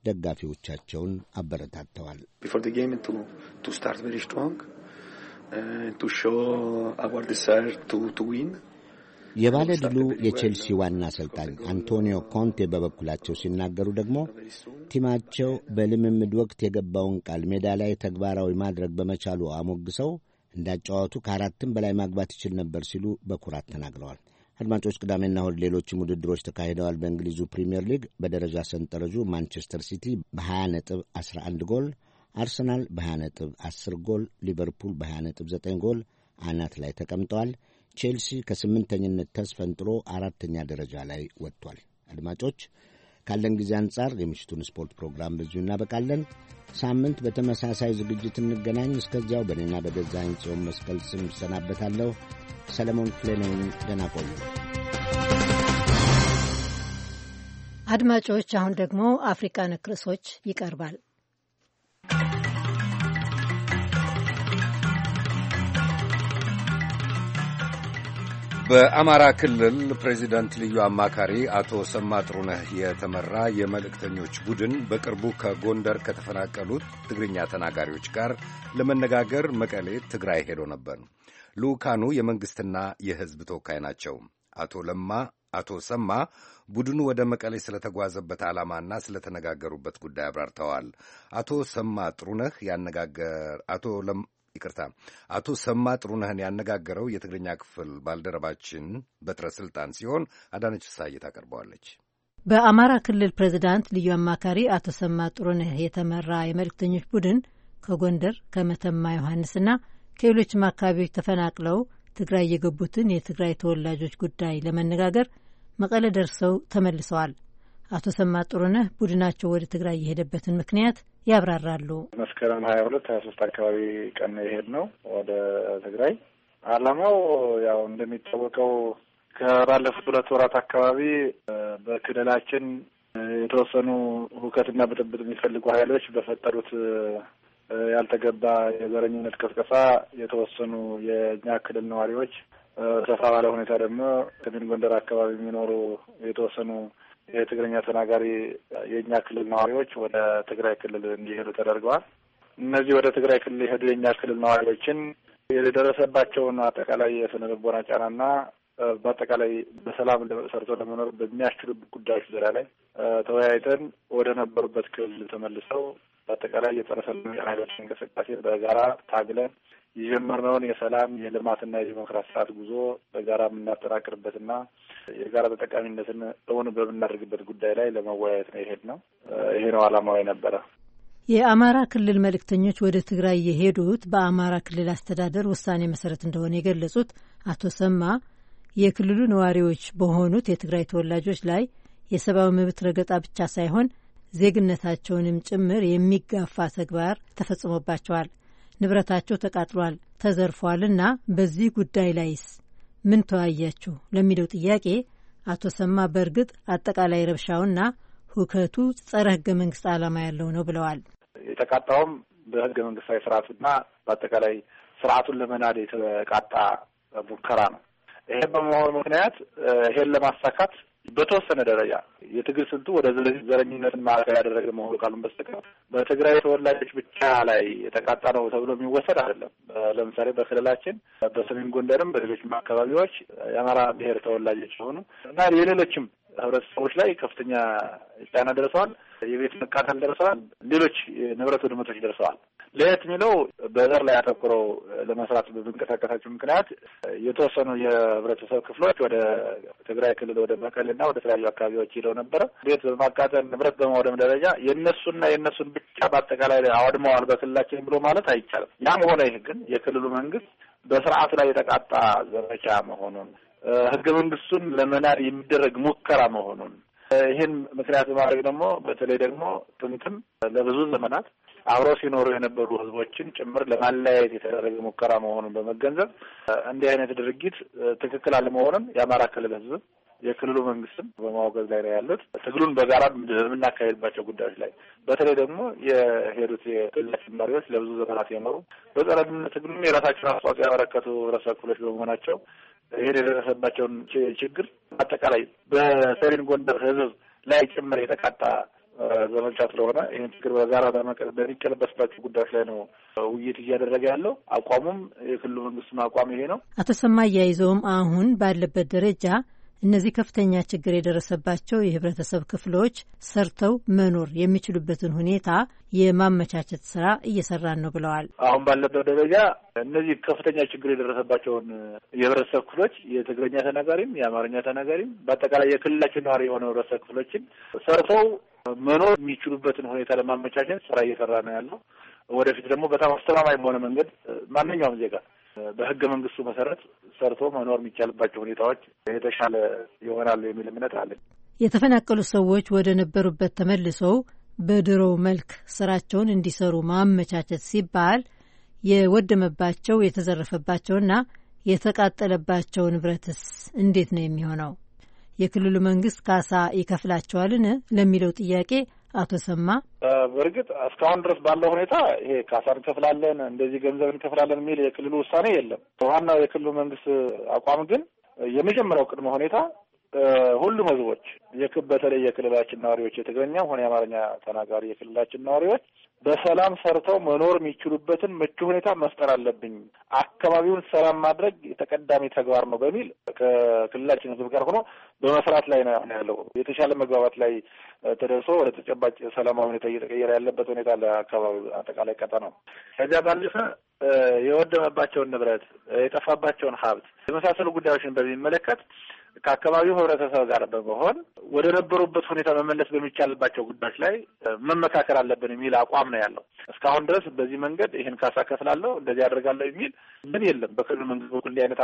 ደጋፊዎቻቸውን አበረታተዋል። የባለድሉ eh, የባለ ድሉ የቼልሲ ዋና አሰልጣኝ አንቶኒዮ ኮንቴ በበኩላቸው ሲናገሩ ደግሞ ቲማቸው በልምምድ ወቅት የገባውን ቃል ሜዳ ላይ ተግባራዊ ማድረግ በመቻሉ አሞግሰው እንዳጫዋቱ ከአራትም በላይ ማግባት ይችል ነበር ሲሉ በኩራት ተናግረዋል። አድማጮች፣ ቅዳሜና እሁድ ሌሎችም ውድድሮች ተካሂደዋል። በእንግሊዙ ፕሪምየር ሊግ በደረጃ ሰንጠረዡ ማንቸስተር ሲቲ በ20 ነጥብ 11 ጎል አርሰናል በ20 ነጥብ 10 ጎል፣ ሊቨርፑል በ20 ነጥብ 9 ጎል አናት ላይ ተቀምጠዋል። ቼልሲ ከስምንተኝነት ተስፈንጥሮ አራተኛ ደረጃ ላይ ወጥቷል። አድማጮች ካለን ጊዜ አንጻር የምሽቱን ስፖርት ፕሮግራም በዚሁ እናበቃለን። ሳምንት በተመሳሳይ ዝግጅት እንገናኝ። እስከዚያው በእኔና በገዛኝ ጽዮን መስቀል ስም እሰናበታለሁ። ሰለሞን ክፍሌ ነኝ። ደህና ቆዩ አድማጮች። አሁን ደግሞ አፍሪካ ነክ ርዕሶች ይቀርባል። በአማራ ክልል ፕሬዚዳንት ልዩ አማካሪ አቶ ሰማ ጥሩነህ የተመራ የመልእክተኞች ቡድን በቅርቡ ከጎንደር ከተፈናቀሉት ትግርኛ ተናጋሪዎች ጋር ለመነጋገር መቀሌ ትግራይ ሄዶ ነበር። ልዑካኑ የመንግሥትና የሕዝብ ተወካይ ናቸው። አቶ ለማ አቶ ሰማ ቡድኑ ወደ መቀሌ ስለተጓዘበት ዓላማና ስለተነጋገሩበት ጉዳይ አብራርተዋል። አቶ ሰማ ጥሩነህ ያነጋገር አቶ ይቅርታ አቶ ሰማ ጥሩነህን ያነጋገረው የትግርኛ ክፍል ባልደረባችን በትረ ስልጣን ሲሆን አዳነች ሳየ ታቀርበዋለች። በአማራ ክልል ፕሬዚዳንት ልዩ አማካሪ አቶ ሰማ ጥሩነህ የተመራ የመልእክተኞች ቡድን ከጎንደር ከመተማ ዮሐንስና ከሌሎችም አካባቢዎች ተፈናቅለው ትግራይ የገቡትን የትግራይ ተወላጆች ጉዳይ ለመነጋገር መቀለ ደርሰው ተመልሰዋል። አቶ ሰማ ጥሩነህ ቡድናቸው ወደ ትግራይ የሄደበትን ምክንያት ያብራራሉ። መስከረም ሀያ ሁለት ሀያ ሶስት አካባቢ ቀን የሄድ ነው ወደ ትግራይ። አላማው ያው እንደሚታወቀው ከባለፉት ሁለት ወራት አካባቢ በክልላችን የተወሰኑ ሁከትና ብጥብጥ የሚፈልጉ ኃይሎች በፈጠሩት ያልተገባ የዘረኝነት ቀስቀሳ የተወሰኑ የእኛ ክልል ነዋሪዎች ሰፋ ባለ ሁኔታ ደግሞ ሰሜን ጎንደር አካባቢ የሚኖሩ የተወሰኑ የትግርኛ ተናጋሪ የእኛ ክልል ነዋሪዎች ወደ ትግራይ ክልል እንዲሄዱ ተደርገዋል። እነዚህ ወደ ትግራይ ክልል የሄዱ የእኛ ክልል ነዋሪዎችን የደረሰባቸውን አጠቃላይ የስነ ልቦና ጫናና በአጠቃላይ በሰላም ሰርቶ ለመኖር በሚያስችሉ ጉዳዮች ዙሪያ ላይ ተወያይተን ወደ ነበሩበት ክልል ተመልሰው በአጠቃላይ የጸረ ሰላም ኃይሎች እንቅስቃሴ በጋራ ታግለን የጀመርነውን የሰላም የልማትና የዲሞክራሲ ስርዓት ጉዞ በጋራ የምናጠናክርበትና የጋራ ተጠቃሚነትን እውን በምናደርግበት ጉዳይ ላይ ለመወያየት ነው የሄድ ነው። ይሄ ነው ዓላማው የነበረ። የአማራ ክልል መልእክተኞች ወደ ትግራይ የሄዱት በአማራ ክልል አስተዳደር ውሳኔ መሰረት እንደሆነ የገለጹት አቶ ሰማ የክልሉ ነዋሪዎች በሆኑት የትግራይ ተወላጆች ላይ የሰብአዊ መብት ረገጣ ብቻ ሳይሆን ዜግነታቸውንም ጭምር የሚጋፋ ተግባር ተፈጽሞባቸዋል። ንብረታቸው ተቃጥሏል፣ ተዘርፏልና በዚህ ጉዳይ ላይስ ምን ተወያያችሁ ለሚለው ጥያቄ አቶ ሰማ በእርግጥ አጠቃላይ ረብሻውና ሁከቱ ጸረ ህገ መንግስት ዓላማ ያለው ነው ብለዋል። የተቃጣውም በህገ መንግስታዊ ስርዓቱና በአጠቃላይ ስርዓቱን ለመናድ የተቃጣ ሙከራ ነው። ይሄ በመሆኑ ምክንያት ይሄን ለማሳካት በተወሰነ ደረጃ የትግል ስልቱ ወደ ዘረኝነትን ማዕከል ያደረገ መሆኑ ካሉን በስተቀር በትግራይ ተወላጆች ብቻ ላይ የተቃጣ ነው ተብሎ የሚወሰድ አይደለም። ለምሳሌ በክልላችን በሰሜን ጎንደርም በሌሎችም አካባቢዎች የአማራ ብሔር ተወላጆች የሆኑ እና የሌሎችም ህብረተሰቦች ላይ ከፍተኛ ጫና ደርሰዋል። የቤት መቃጠል ደርሰዋል። ሌሎች ንብረት ውድመቶች ደርሰዋል። ለየት የሚለው በዘር ላይ አተኩረው ለመስራት በምንቀሳቀሳቸው ምክንያት የተወሰኑ የህብረተሰብ ክፍሎች ወደ ትግራይ ክልል ወደ መቀሌና ወደ ተለያዩ አካባቢዎች ሄደው ነበረ። ቤት በማቃጠል ንብረት በማውደም ደረጃ የእነሱና የእነሱን ብቻ በአጠቃላይ አወድመዋል በክልላችን ብሎ ማለት አይቻልም። ያም ሆነ ይህ ግን የክልሉ መንግስት በስርዓት ላይ የተቃጣ ዘመቻ መሆኑን ህገ መንግስቱን ለመናድ የሚደረግ ሙከራ መሆኑን ይህን ምክንያት በማድረግ ደግሞ በተለይ ደግሞ ጥንትም ለብዙ ዘመናት አብሮ ሲኖሩ የነበሩ ህዝቦችን ጭምር ለማለያየት የተደረገ ሙከራ መሆኑን በመገንዘብ እንዲህ አይነት ድርጊት ትክክል አለመሆኑን የአማራ ክልል ህዝብ የክልሉ መንግስትም በማወገዝ ላይ ነው ያሉት። ትግሉን በጋራ የምናካሄድባቸው ጉዳዮች ላይ በተለይ ደግሞ የሄዱት የክልላችን መሪዎች ለብዙ ዘመናት የኖሩ በጸረ ትግሉም የራሳቸውን አስተዋጽኦ ያበረከቱ ህብረተሰብ ክፍሎች በመሆናቸው ይሄን የደረሰባቸውን ችግር አጠቃላይ በሰሜን ጎንደር ህዝብ ላይ ጭምር የተቃጣ ዘመቻ ስለሆነ ይህን ችግር በጋራ በሚቀለበስባቸው ጉዳዮች ላይ ነው ውይይት እያደረገ ያለው። አቋሙም የክልሉ መንግስትም አቋም ይሄ ነው። አቶ ሰማ አያይዘውም አሁን ባለበት ደረጃ እነዚህ ከፍተኛ ችግር የደረሰባቸው የህብረተሰብ ክፍሎች ሰርተው መኖር የሚችሉበትን ሁኔታ የማመቻቸት ስራ እየሰራን ነው ብለዋል። አሁን ባለበት ደረጃ እነዚህ ከፍተኛ ችግር የደረሰባቸውን የህብረተሰብ ክፍሎች የትግረኛ ተናጋሪም የአማርኛ ተናጋሪም በአጠቃላይ የክልላችን ነዋሪ የሆነ ህብረተሰብ ክፍሎችን ሰርተው መኖር የሚችሉበትን ሁኔታ ለማመቻቸት ስራ እየሰራ ነው ያለው። ወደፊት ደግሞ በጣም አስተማማኝ በሆነ መንገድ ማንኛውም ዜጋ በህገ መንግስቱ መሰረት ሰርቶ መኖር የሚቻልባቸው ሁኔታዎች የተሻለ ይሆናሉ የሚል እምነት አለን። የተፈናቀሉ ሰዎች ወደ ነበሩበት ተመልሰው በድሮው መልክ ስራቸውን እንዲሰሩ ማመቻቸት ሲባል የወደመባቸው የተዘረፈባቸውና የተቃጠለባቸው ንብረትስ እንዴት ነው የሚሆነው? የክልሉ መንግስት ካሳ ይከፍላቸዋልን? ለሚለው ጥያቄ አቶ ሰማ? በእርግጥ እስካሁን ድረስ ባለው ሁኔታ ይሄ ካሳ እንከፍላለን፣ እንደዚህ ገንዘብ እንከፍላለን የሚል የክልሉ ውሳኔ የለም። ዋናው የክልሉ መንግስት አቋም ግን የመጀመሪያው ቅድመ ሁኔታ ሁሉም ህዝቦች በተለይ የክልላችን ነዋሪዎች የተገኘው ሆነ የአማርኛ ተናጋሪ የክልላችን ነዋሪዎች በሰላም ሰርተው መኖር የሚችሉበትን ምቹ ሁኔታ መፍጠር አለብኝ፣ አካባቢውን ሰላም ማድረግ የተቀዳሚ ተግባር ነው በሚል ከክልላችን ህዝብ ጋር ሆኖ በመስራት ላይ ነው ያለው። የተሻለ መግባባት ላይ ተደርሶ ወደ ተጨባጭ ሰላማዊ ሁኔታ እየተቀየረ ያለበት ሁኔታ ለአካባቢ አጠቃላይ ቀጠ ነው። ከዚያ ባለፈ የወደመባቸውን ንብረት የጠፋባቸውን ሀብት የመሳሰሉ ጉዳዮችን በሚመለከት ከአካባቢው ህብረተሰብ ጋር በመሆን ወደ ነበሩበት ሁኔታ መመለስ በሚቻልባቸው ጉዳዮች ላይ መመካከል አለብን የሚል አቋም ነው ያለው። እስካሁን ድረስ በዚህ መንገድ ይህን ካሳ ከፍላለሁ እንደዚህ አደርጋለሁ የሚል ምን የለም። በክልሉ መንግስት በኩል እንዲህ አይነት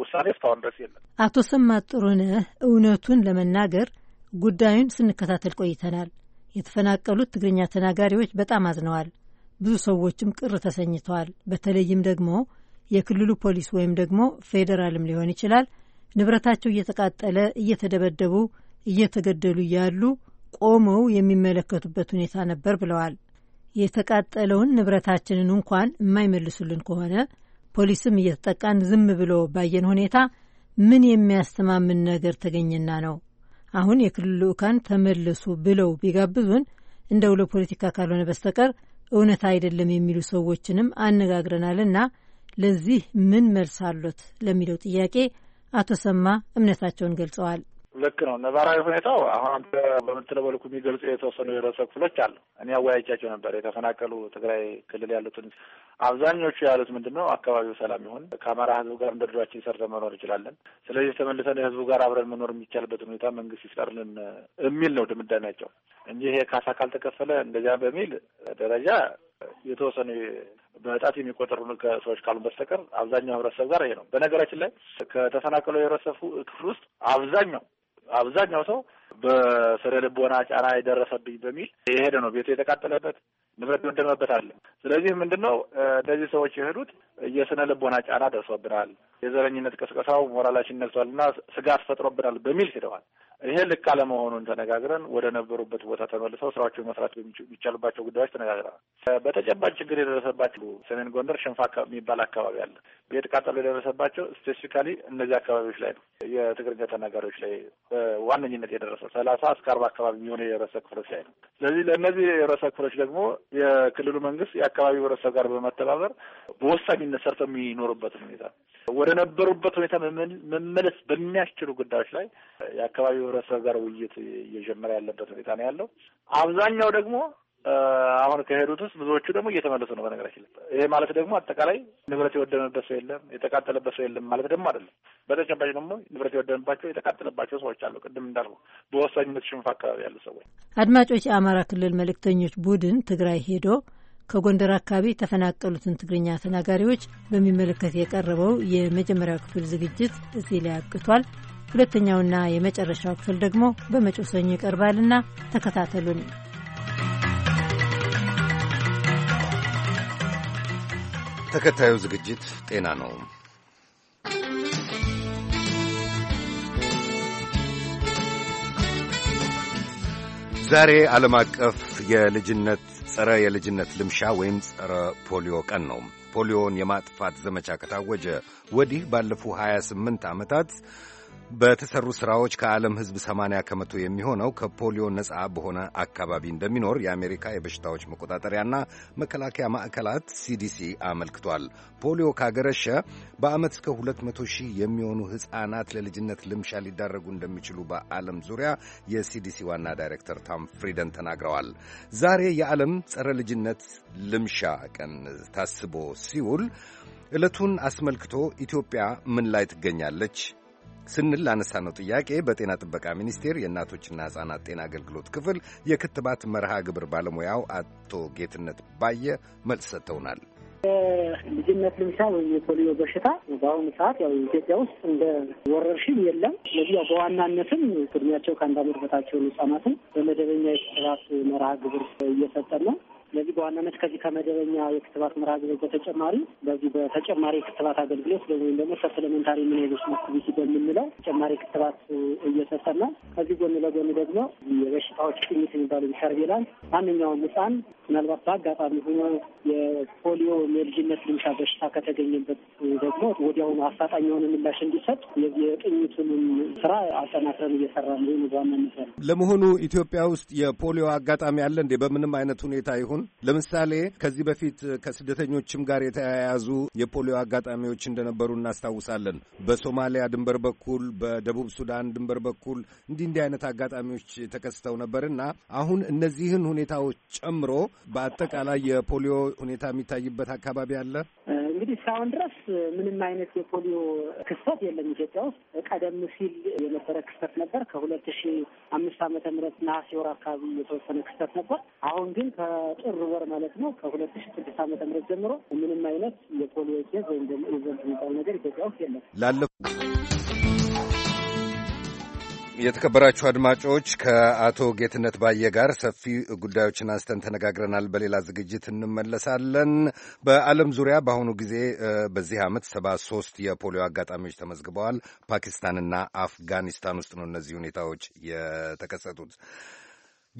ውሳኔ እስካሁን ድረስ የለም። አቶ ሰማ ጥሩነህ እውነቱን ለመናገር ጉዳዩን ስንከታተል ቆይተናል። የተፈናቀሉት ትግርኛ ተናጋሪዎች በጣም አዝነዋል። ብዙ ሰዎችም ቅር ተሰኝተዋል። በተለይም ደግሞ የክልሉ ፖሊስ ወይም ደግሞ ፌዴራልም ሊሆን ይችላል ንብረታቸው እየተቃጠለ እየተደበደቡ፣ እየተገደሉ እያሉ ቆመው የሚመለከቱበት ሁኔታ ነበር ብለዋል። የተቃጠለውን ንብረታችንን እንኳን የማይመልሱልን ከሆነ ፖሊስም እየተጠቃን ዝም ብሎ ባየን ሁኔታ ምን የሚያስተማምን ነገር ተገኘና ነው? አሁን የክልሉ ልኡካን ተመለሱ ብለው ቢጋብዙን እንደው ለፖለቲካ ካልሆነ በስተቀር እውነት አይደለም የሚሉ ሰዎችንም አነጋግረናልና ለዚህ ምን መልስ አሎት ለሚለው ጥያቄ አቶ ሰማ እምነታቸውን ገልጸዋል። ልክ ነው። ነባራዊ ሁኔታው አሁን አንተ በምትለው በልኩ የሚገልጹ የተወሰኑ የረሰ ክፍሎች አሉ። እኔ አወያይቻቸው ነበር። የተፈናቀሉ ትግራይ ክልል ያሉትን አብዛኞቹ ያሉት ምንድን ነው አካባቢው ሰላም ይሁን፣ ከአማራ ህዝቡ ጋር እንደ ድሯችን ሰርተን መኖር እንችላለን። ስለዚህ ተመልሰን የህዝቡ ጋር አብረን መኖር የሚቻልበት ሁኔታ መንግስት ይፍጠርልን የሚል ነው ድምዳሜያቸው እንጂ ይሄ ካሳ ካልተከፈለ እንደዚያ በሚል ደረጃ የተወሰኑ በጣት የሚቆጠሩ ሰዎች ካሉ በስተቀር አብዛኛው ህብረተሰብ ጋር ይሄ ነው። በነገራችን ላይ ከተፈናቀለው የህብረተሰብ ክፍል ውስጥ አብዛኛው አብዛኛው ሰው በስነ ልቦና ጫና የደረሰብኝ በሚል የሄደ ነው። ቤቱ የተቃጠለበት ንብረት የወደመበት አለ። ስለዚህ ምንድን ነው እነዚህ ሰዎች የሄዱት የስነ ልቦና ጫና ደርሶብናል የዘረኝነት ቀስቀሳው ሞራላችን ነግቷልና ስጋት ፈጥሮብናል በሚል ሄደዋል። ይሄ ልክ አለመሆኑን ተነጋግረን ወደ ነበሩበት ቦታ ተመልሰው ስራቸው መስራት የሚቻሉባቸው ጉዳዮች ተነጋግረናል። በተጨባጭ ችግር የደረሰባቸው ሰሜን ጎንደር ሽንፋ የሚባል አካባቢ አለ። ቤት ቃጠሎ የደረሰባቸው ስፔሲፊካሊ እነዚህ አካባቢዎች ላይ ነው። የትግርኛ ተናጋሪዎች ላይ በዋነኝነት የደረሰ ሰላሳ እስከ አርባ አካባቢ የሚሆነ የህብረተሰብ ክፍሎች ላይ ነው። ስለዚህ ለእነዚህ የህብረተሰብ ክፍሎች ደግሞ የክልሉ መንግስት የአካባቢው ህብረተሰብ ጋር በመተባበር በወሳኝነት ሰርተው የሚኖሩበትን ሁኔታ ወደ ነበሩበት ሁኔታ መመለስ በሚያስችሉ ጉዳዮች ላይ የአካባቢው ህብረተሰብ ጋር ውይይት እየጀመረ ያለበት ሁኔታ ነው ያለው። አብዛኛው ደግሞ አሁን ከሄዱት ውስጥ ብዙዎቹ ደግሞ እየተመለሱ ነው። በነገራችን ይሄ ማለት ደግሞ አጠቃላይ ንብረት የወደመበት ሰው የለም፣ የተቃጠለበት ሰው የለም ማለት ደግሞ አይደለም። በተጨባጭ ደግሞ ንብረት የወደመባቸው የተቃጠለባቸው ሰዎች አሉ። ቅድም እንዳልኩ በወሳኝነት ሽንፍ አካባቢ ያሉ ሰዎች። አድማጮች፣ የአማራ ክልል መልእክተኞች ቡድን ትግራይ ሄዶ ከጎንደር አካባቢ የተፈናቀሉትን ትግርኛ ተናጋሪዎች በሚመለከት የቀረበው የመጀመሪያው ክፍል ዝግጅት እዚህ ላይ አብቅቷል። ሁለተኛውና የመጨረሻው ክፍል ደግሞ በመጪው ሰኞ ይቀርባልና ተከታተሉን። ተከታዩ ዝግጅት ጤና ነው። ዛሬ ዓለም አቀፍ የልጅነት ጸረ የልጅነት ልምሻ ወይም ጸረ ፖሊዮ ቀን ነው። ፖሊዮን የማጥፋት ዘመቻ ከታወጀ ወዲህ ባለፉ 28 ዓመታት በተሰሩ ስራዎች ከዓለም ሕዝብ 80 ከመቶ የሚሆነው ከፖሊዮ ነፃ በሆነ አካባቢ እንደሚኖር የአሜሪካ የበሽታዎች መቆጣጠሪያና መከላከያ ማዕከላት ሲዲሲ አመልክቷል። ፖሊዮ ካገረሸ በዓመት እስከ 200 ሺህ የሚሆኑ ሕፃናት ለልጅነት ልምሻ ሊዳረጉ እንደሚችሉ በዓለም ዙሪያ የሲዲሲ ዋና ዳይሬክተር ቶም ፍሪደን ተናግረዋል። ዛሬ የዓለም ጸረ ልጅነት ልምሻ ቀን ታስቦ ሲውል ዕለቱን አስመልክቶ ኢትዮጵያ ምን ላይ ትገኛለች? ስንል ላነሳ ነው ጥያቄ በጤና ጥበቃ ሚኒስቴር የእናቶችና ሕፃናት ጤና አገልግሎት ክፍል የክትባት መርሃ ግብር ባለሙያው አቶ ጌትነት ባየ መልስ ሰጥተውናል። የልጅነት ልምሻ ወይም የፖሊዮ በሽታ በአሁኑ ሰዓት ያው ኢትዮጵያ ውስጥ እንደ ወረርሽኝ የለም። ስለዚህ ያው በዋናነትም እድሜያቸው ከአንድ ዓመት በታች የሆኑ ህጻናትን በመደበኛ የክትባት መርሃ ግብር እየሰጠን ነው። ስለዚህ በዋናነት ከዚህ ከመደበኛ የክትባት መርሃ ግብር በተጨማሪ በዚህ በተጨማሪ የክትባት አገልግሎት ወይም ደግሞ ሰፕሊመንታሪ ምንሄዶች ሞክቢሲ በምንለው ተጨማሪ ክትባት እየሰጠና ከዚህ ጎን ለጎን ደግሞ የበሽታዎች ቅኝት የሚባሉ ሰርቬላንስ ማንኛውም ህፃን ምናልባት በአጋጣሚ ሆኖ የፖሊዮ የልጅነት ልምሻ በሽታ ከተገኘበት ደግሞ ወዲያውኑ አፋጣኝ የሆነ ምላሽ እንዲሰጥ የቅኝቱንም ስራ አጠናክረን እየሰራ ነው። በዋናነት ለመሆኑ ኢትዮጵያ ውስጥ የፖሊዮ አጋጣሚ አለ እንዴ? በምንም አይነት ሁኔታ ይሁን አሁን ለምሳሌ ከዚህ በፊት ከስደተኞችም ጋር የተያያዙ የፖሊዮ አጋጣሚዎች እንደነበሩ እናስታውሳለን። በሶማሊያ ድንበር በኩል በደቡብ ሱዳን ድንበር በኩል እንዲህ እንዲህ አይነት አጋጣሚዎች ተከስተው ነበርና አሁን እነዚህን ሁኔታዎች ጨምሮ በአጠቃላይ የፖሊዮ ሁኔታ የሚታይበት አካባቢ አለ። እንግዲህ እስካሁን ድረስ ምንም አይነት የፖሊዮ ክስተት የለም ኢትዮጵያ ውስጥ። ቀደም ሲል የነበረ ክስተት ነበር ከሁለት ሺህ አምስት ዓመተ ምህረት ነሐሴ ወር አካባቢ የተወሰነ ክስተት ነበር። አሁን ግን ከጦ ጥር ወር ማለት ነው ከሁለት ሺ ስድስት ዓመተ ምህረት ጀምሮ ምንም አይነት የፖሊዮ ኬዝ ወይም ደግሞ ኢቨንት የሚባል ነገር ኢትዮጵያ ውስጥ የለም። ላለፉ የተከበራችሁ አድማጮች ከአቶ ጌትነት ባየ ጋር ሰፊ ጉዳዮችን አንስተን ተነጋግረናል። በሌላ ዝግጅት እንመለሳለን። በዓለም ዙሪያ በአሁኑ ጊዜ በዚህ ዓመት ሰባ ሶስት የፖሊዮ አጋጣሚዎች ተመዝግበዋል። ፓኪስታንና አፍጋኒስታን ውስጥ ነው እነዚህ ሁኔታዎች የተከሰቱት።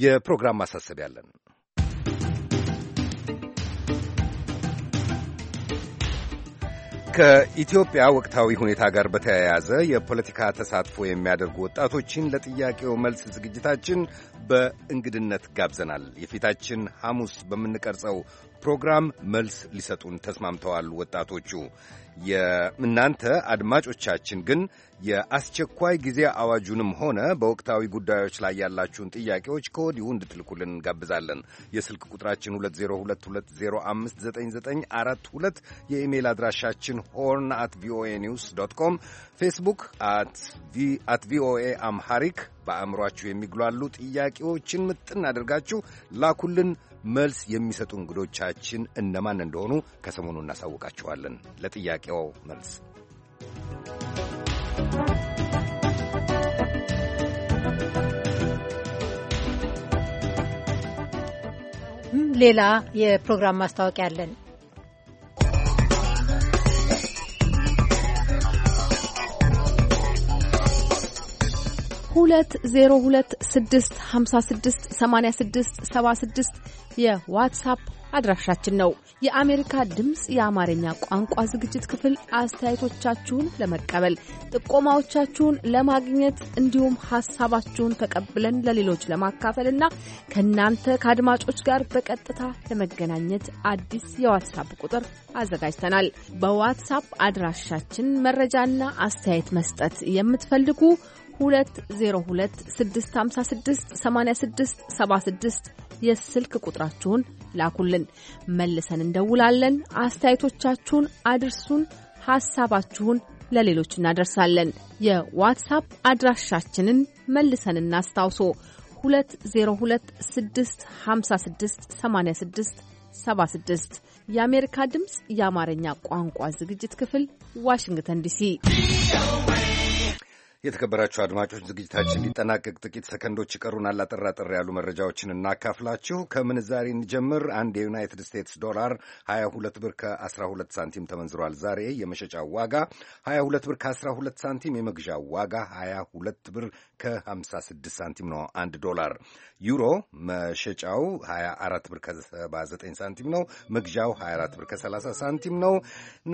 የፕሮግራም ማሳሰቢያ አለን። ከኢትዮጵያ ወቅታዊ ሁኔታ ጋር በተያያዘ የፖለቲካ ተሳትፎ የሚያደርጉ ወጣቶችን ለጥያቄው መልስ ዝግጅታችን በእንግድነት ጋብዘናል። የፊታችን ሐሙስ በምንቀርጸው ፕሮግራም መልስ ሊሰጡን ተስማምተዋል ወጣቶቹ። እናንተ አድማጮቻችን ግን የአስቸኳይ ጊዜ አዋጁንም ሆነ በወቅታዊ ጉዳዮች ላይ ያላችሁን ጥያቄዎች ከወዲሁ እንድትልኩልን እንጋብዛለን። የስልክ ቁጥራችን 2022059942 የኢሜይል አድራሻችን ሆርን አት ቪኦኤ ኒውስ ዶት ኮም፣ ፌስቡክ አት ቪኦኤ አምሃሪክ። በአእምሯችሁ የሚግሏሉ ጥያቄዎችን ምጥን አድርጋችሁ ላኩልን። መልስ የሚሰጡ እንግዶቻችን እነማን እንደሆኑ ከሰሞኑ እናሳውቃችኋለን። ለጥያቄው መልስ ሌላ የፕሮግራም ማስታወቂያ አለን። 2026568676 የዋትሳፕ አድራሻችን ነው። የአሜሪካ ድምፅ የአማርኛ ቋንቋ ዝግጅት ክፍል አስተያየቶቻችሁን ለመቀበል ጥቆማዎቻችሁን ለማግኘት እንዲሁም ሀሳባችሁን ተቀብለን ለሌሎች ለማካፈል እና ከእናንተ ከአድማጮች ጋር በቀጥታ ለመገናኘት አዲስ የዋትሳፕ ቁጥር አዘጋጅተናል። በዋትሳፕ አድራሻችን መረጃና አስተያየት መስጠት የምትፈልጉ 2026568676 የስልክ ቁጥራችሁን ላኩልን፣ መልሰን እንደውላለን። አስተያየቶቻችሁን አድርሱን፣ ሐሳባችሁን ለሌሎች እናደርሳለን። የዋትሳፕ አድራሻችንን መልሰን እናስታውሶ 2026568676 የአሜሪካ ድምፅ የአማርኛ ቋንቋ ዝግጅት ክፍል ዋሽንግተን ዲሲ የተከበራችሁ አድማጮች ዝግጅታችን ሊጠናቀቅ ጥቂት ሰከንዶች ይቀሩናል። አጠር አጠር ያሉ መረጃዎችን እናካፍላችሁ። ከምንዛሬ እንጀምር። አንድ የዩናይትድ ስቴትስ ዶላር 22 ብር ከ12 ሳንቲም ተመንዝሯል። ዛሬ የመሸጫው ዋጋ 22 ብር ከ12 ሳንቲም፣ የመግዣው ዋጋ 22 ብር ከ56 ሳንቲም ነው። አንድ ዶላር ዩሮ መሸጫው 24 ብር ከ79 ሳንቲም ነው። መግዣው 24 ብር ከ30 ሳንቲም ነው።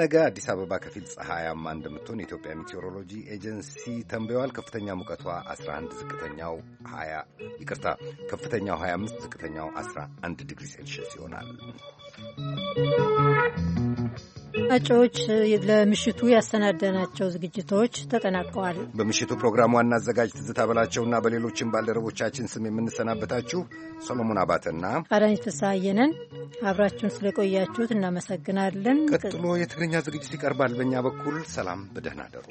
ነገ አዲስ አበባ ከፊል ፀሐያማ እንደምትሆን የኢትዮጵያ ሜቴዎሮሎጂ ኤጀንሲ ተንብየዋል። ከፍተኛ ሙቀቷ 11፣ ዝቅተኛው 20 ይቅርታ፣ ከፍተኛው 25፣ ዝቅተኛው 11 ዲግሪ ሴልሽስ ይሆናል። አድማጮች ለምሽቱ ያሰናደናቸው ዝግጅቶች ተጠናቀዋል። በምሽቱ ፕሮግራም ዋና አዘጋጅ ትዝታ በላቸውና በሌሎችም ባልደረቦቻችን ስም የምንሰናበታችሁ ሰሎሞን አባተና አዳኝ ፍስሐየንን አብራችሁን ስለቆያችሁት እናመሰግናለን። ቀጥሎ የትግርኛ ዝግጅት ይቀርባል። በእኛ በኩል ሰላም፣ በደህና አደሩ።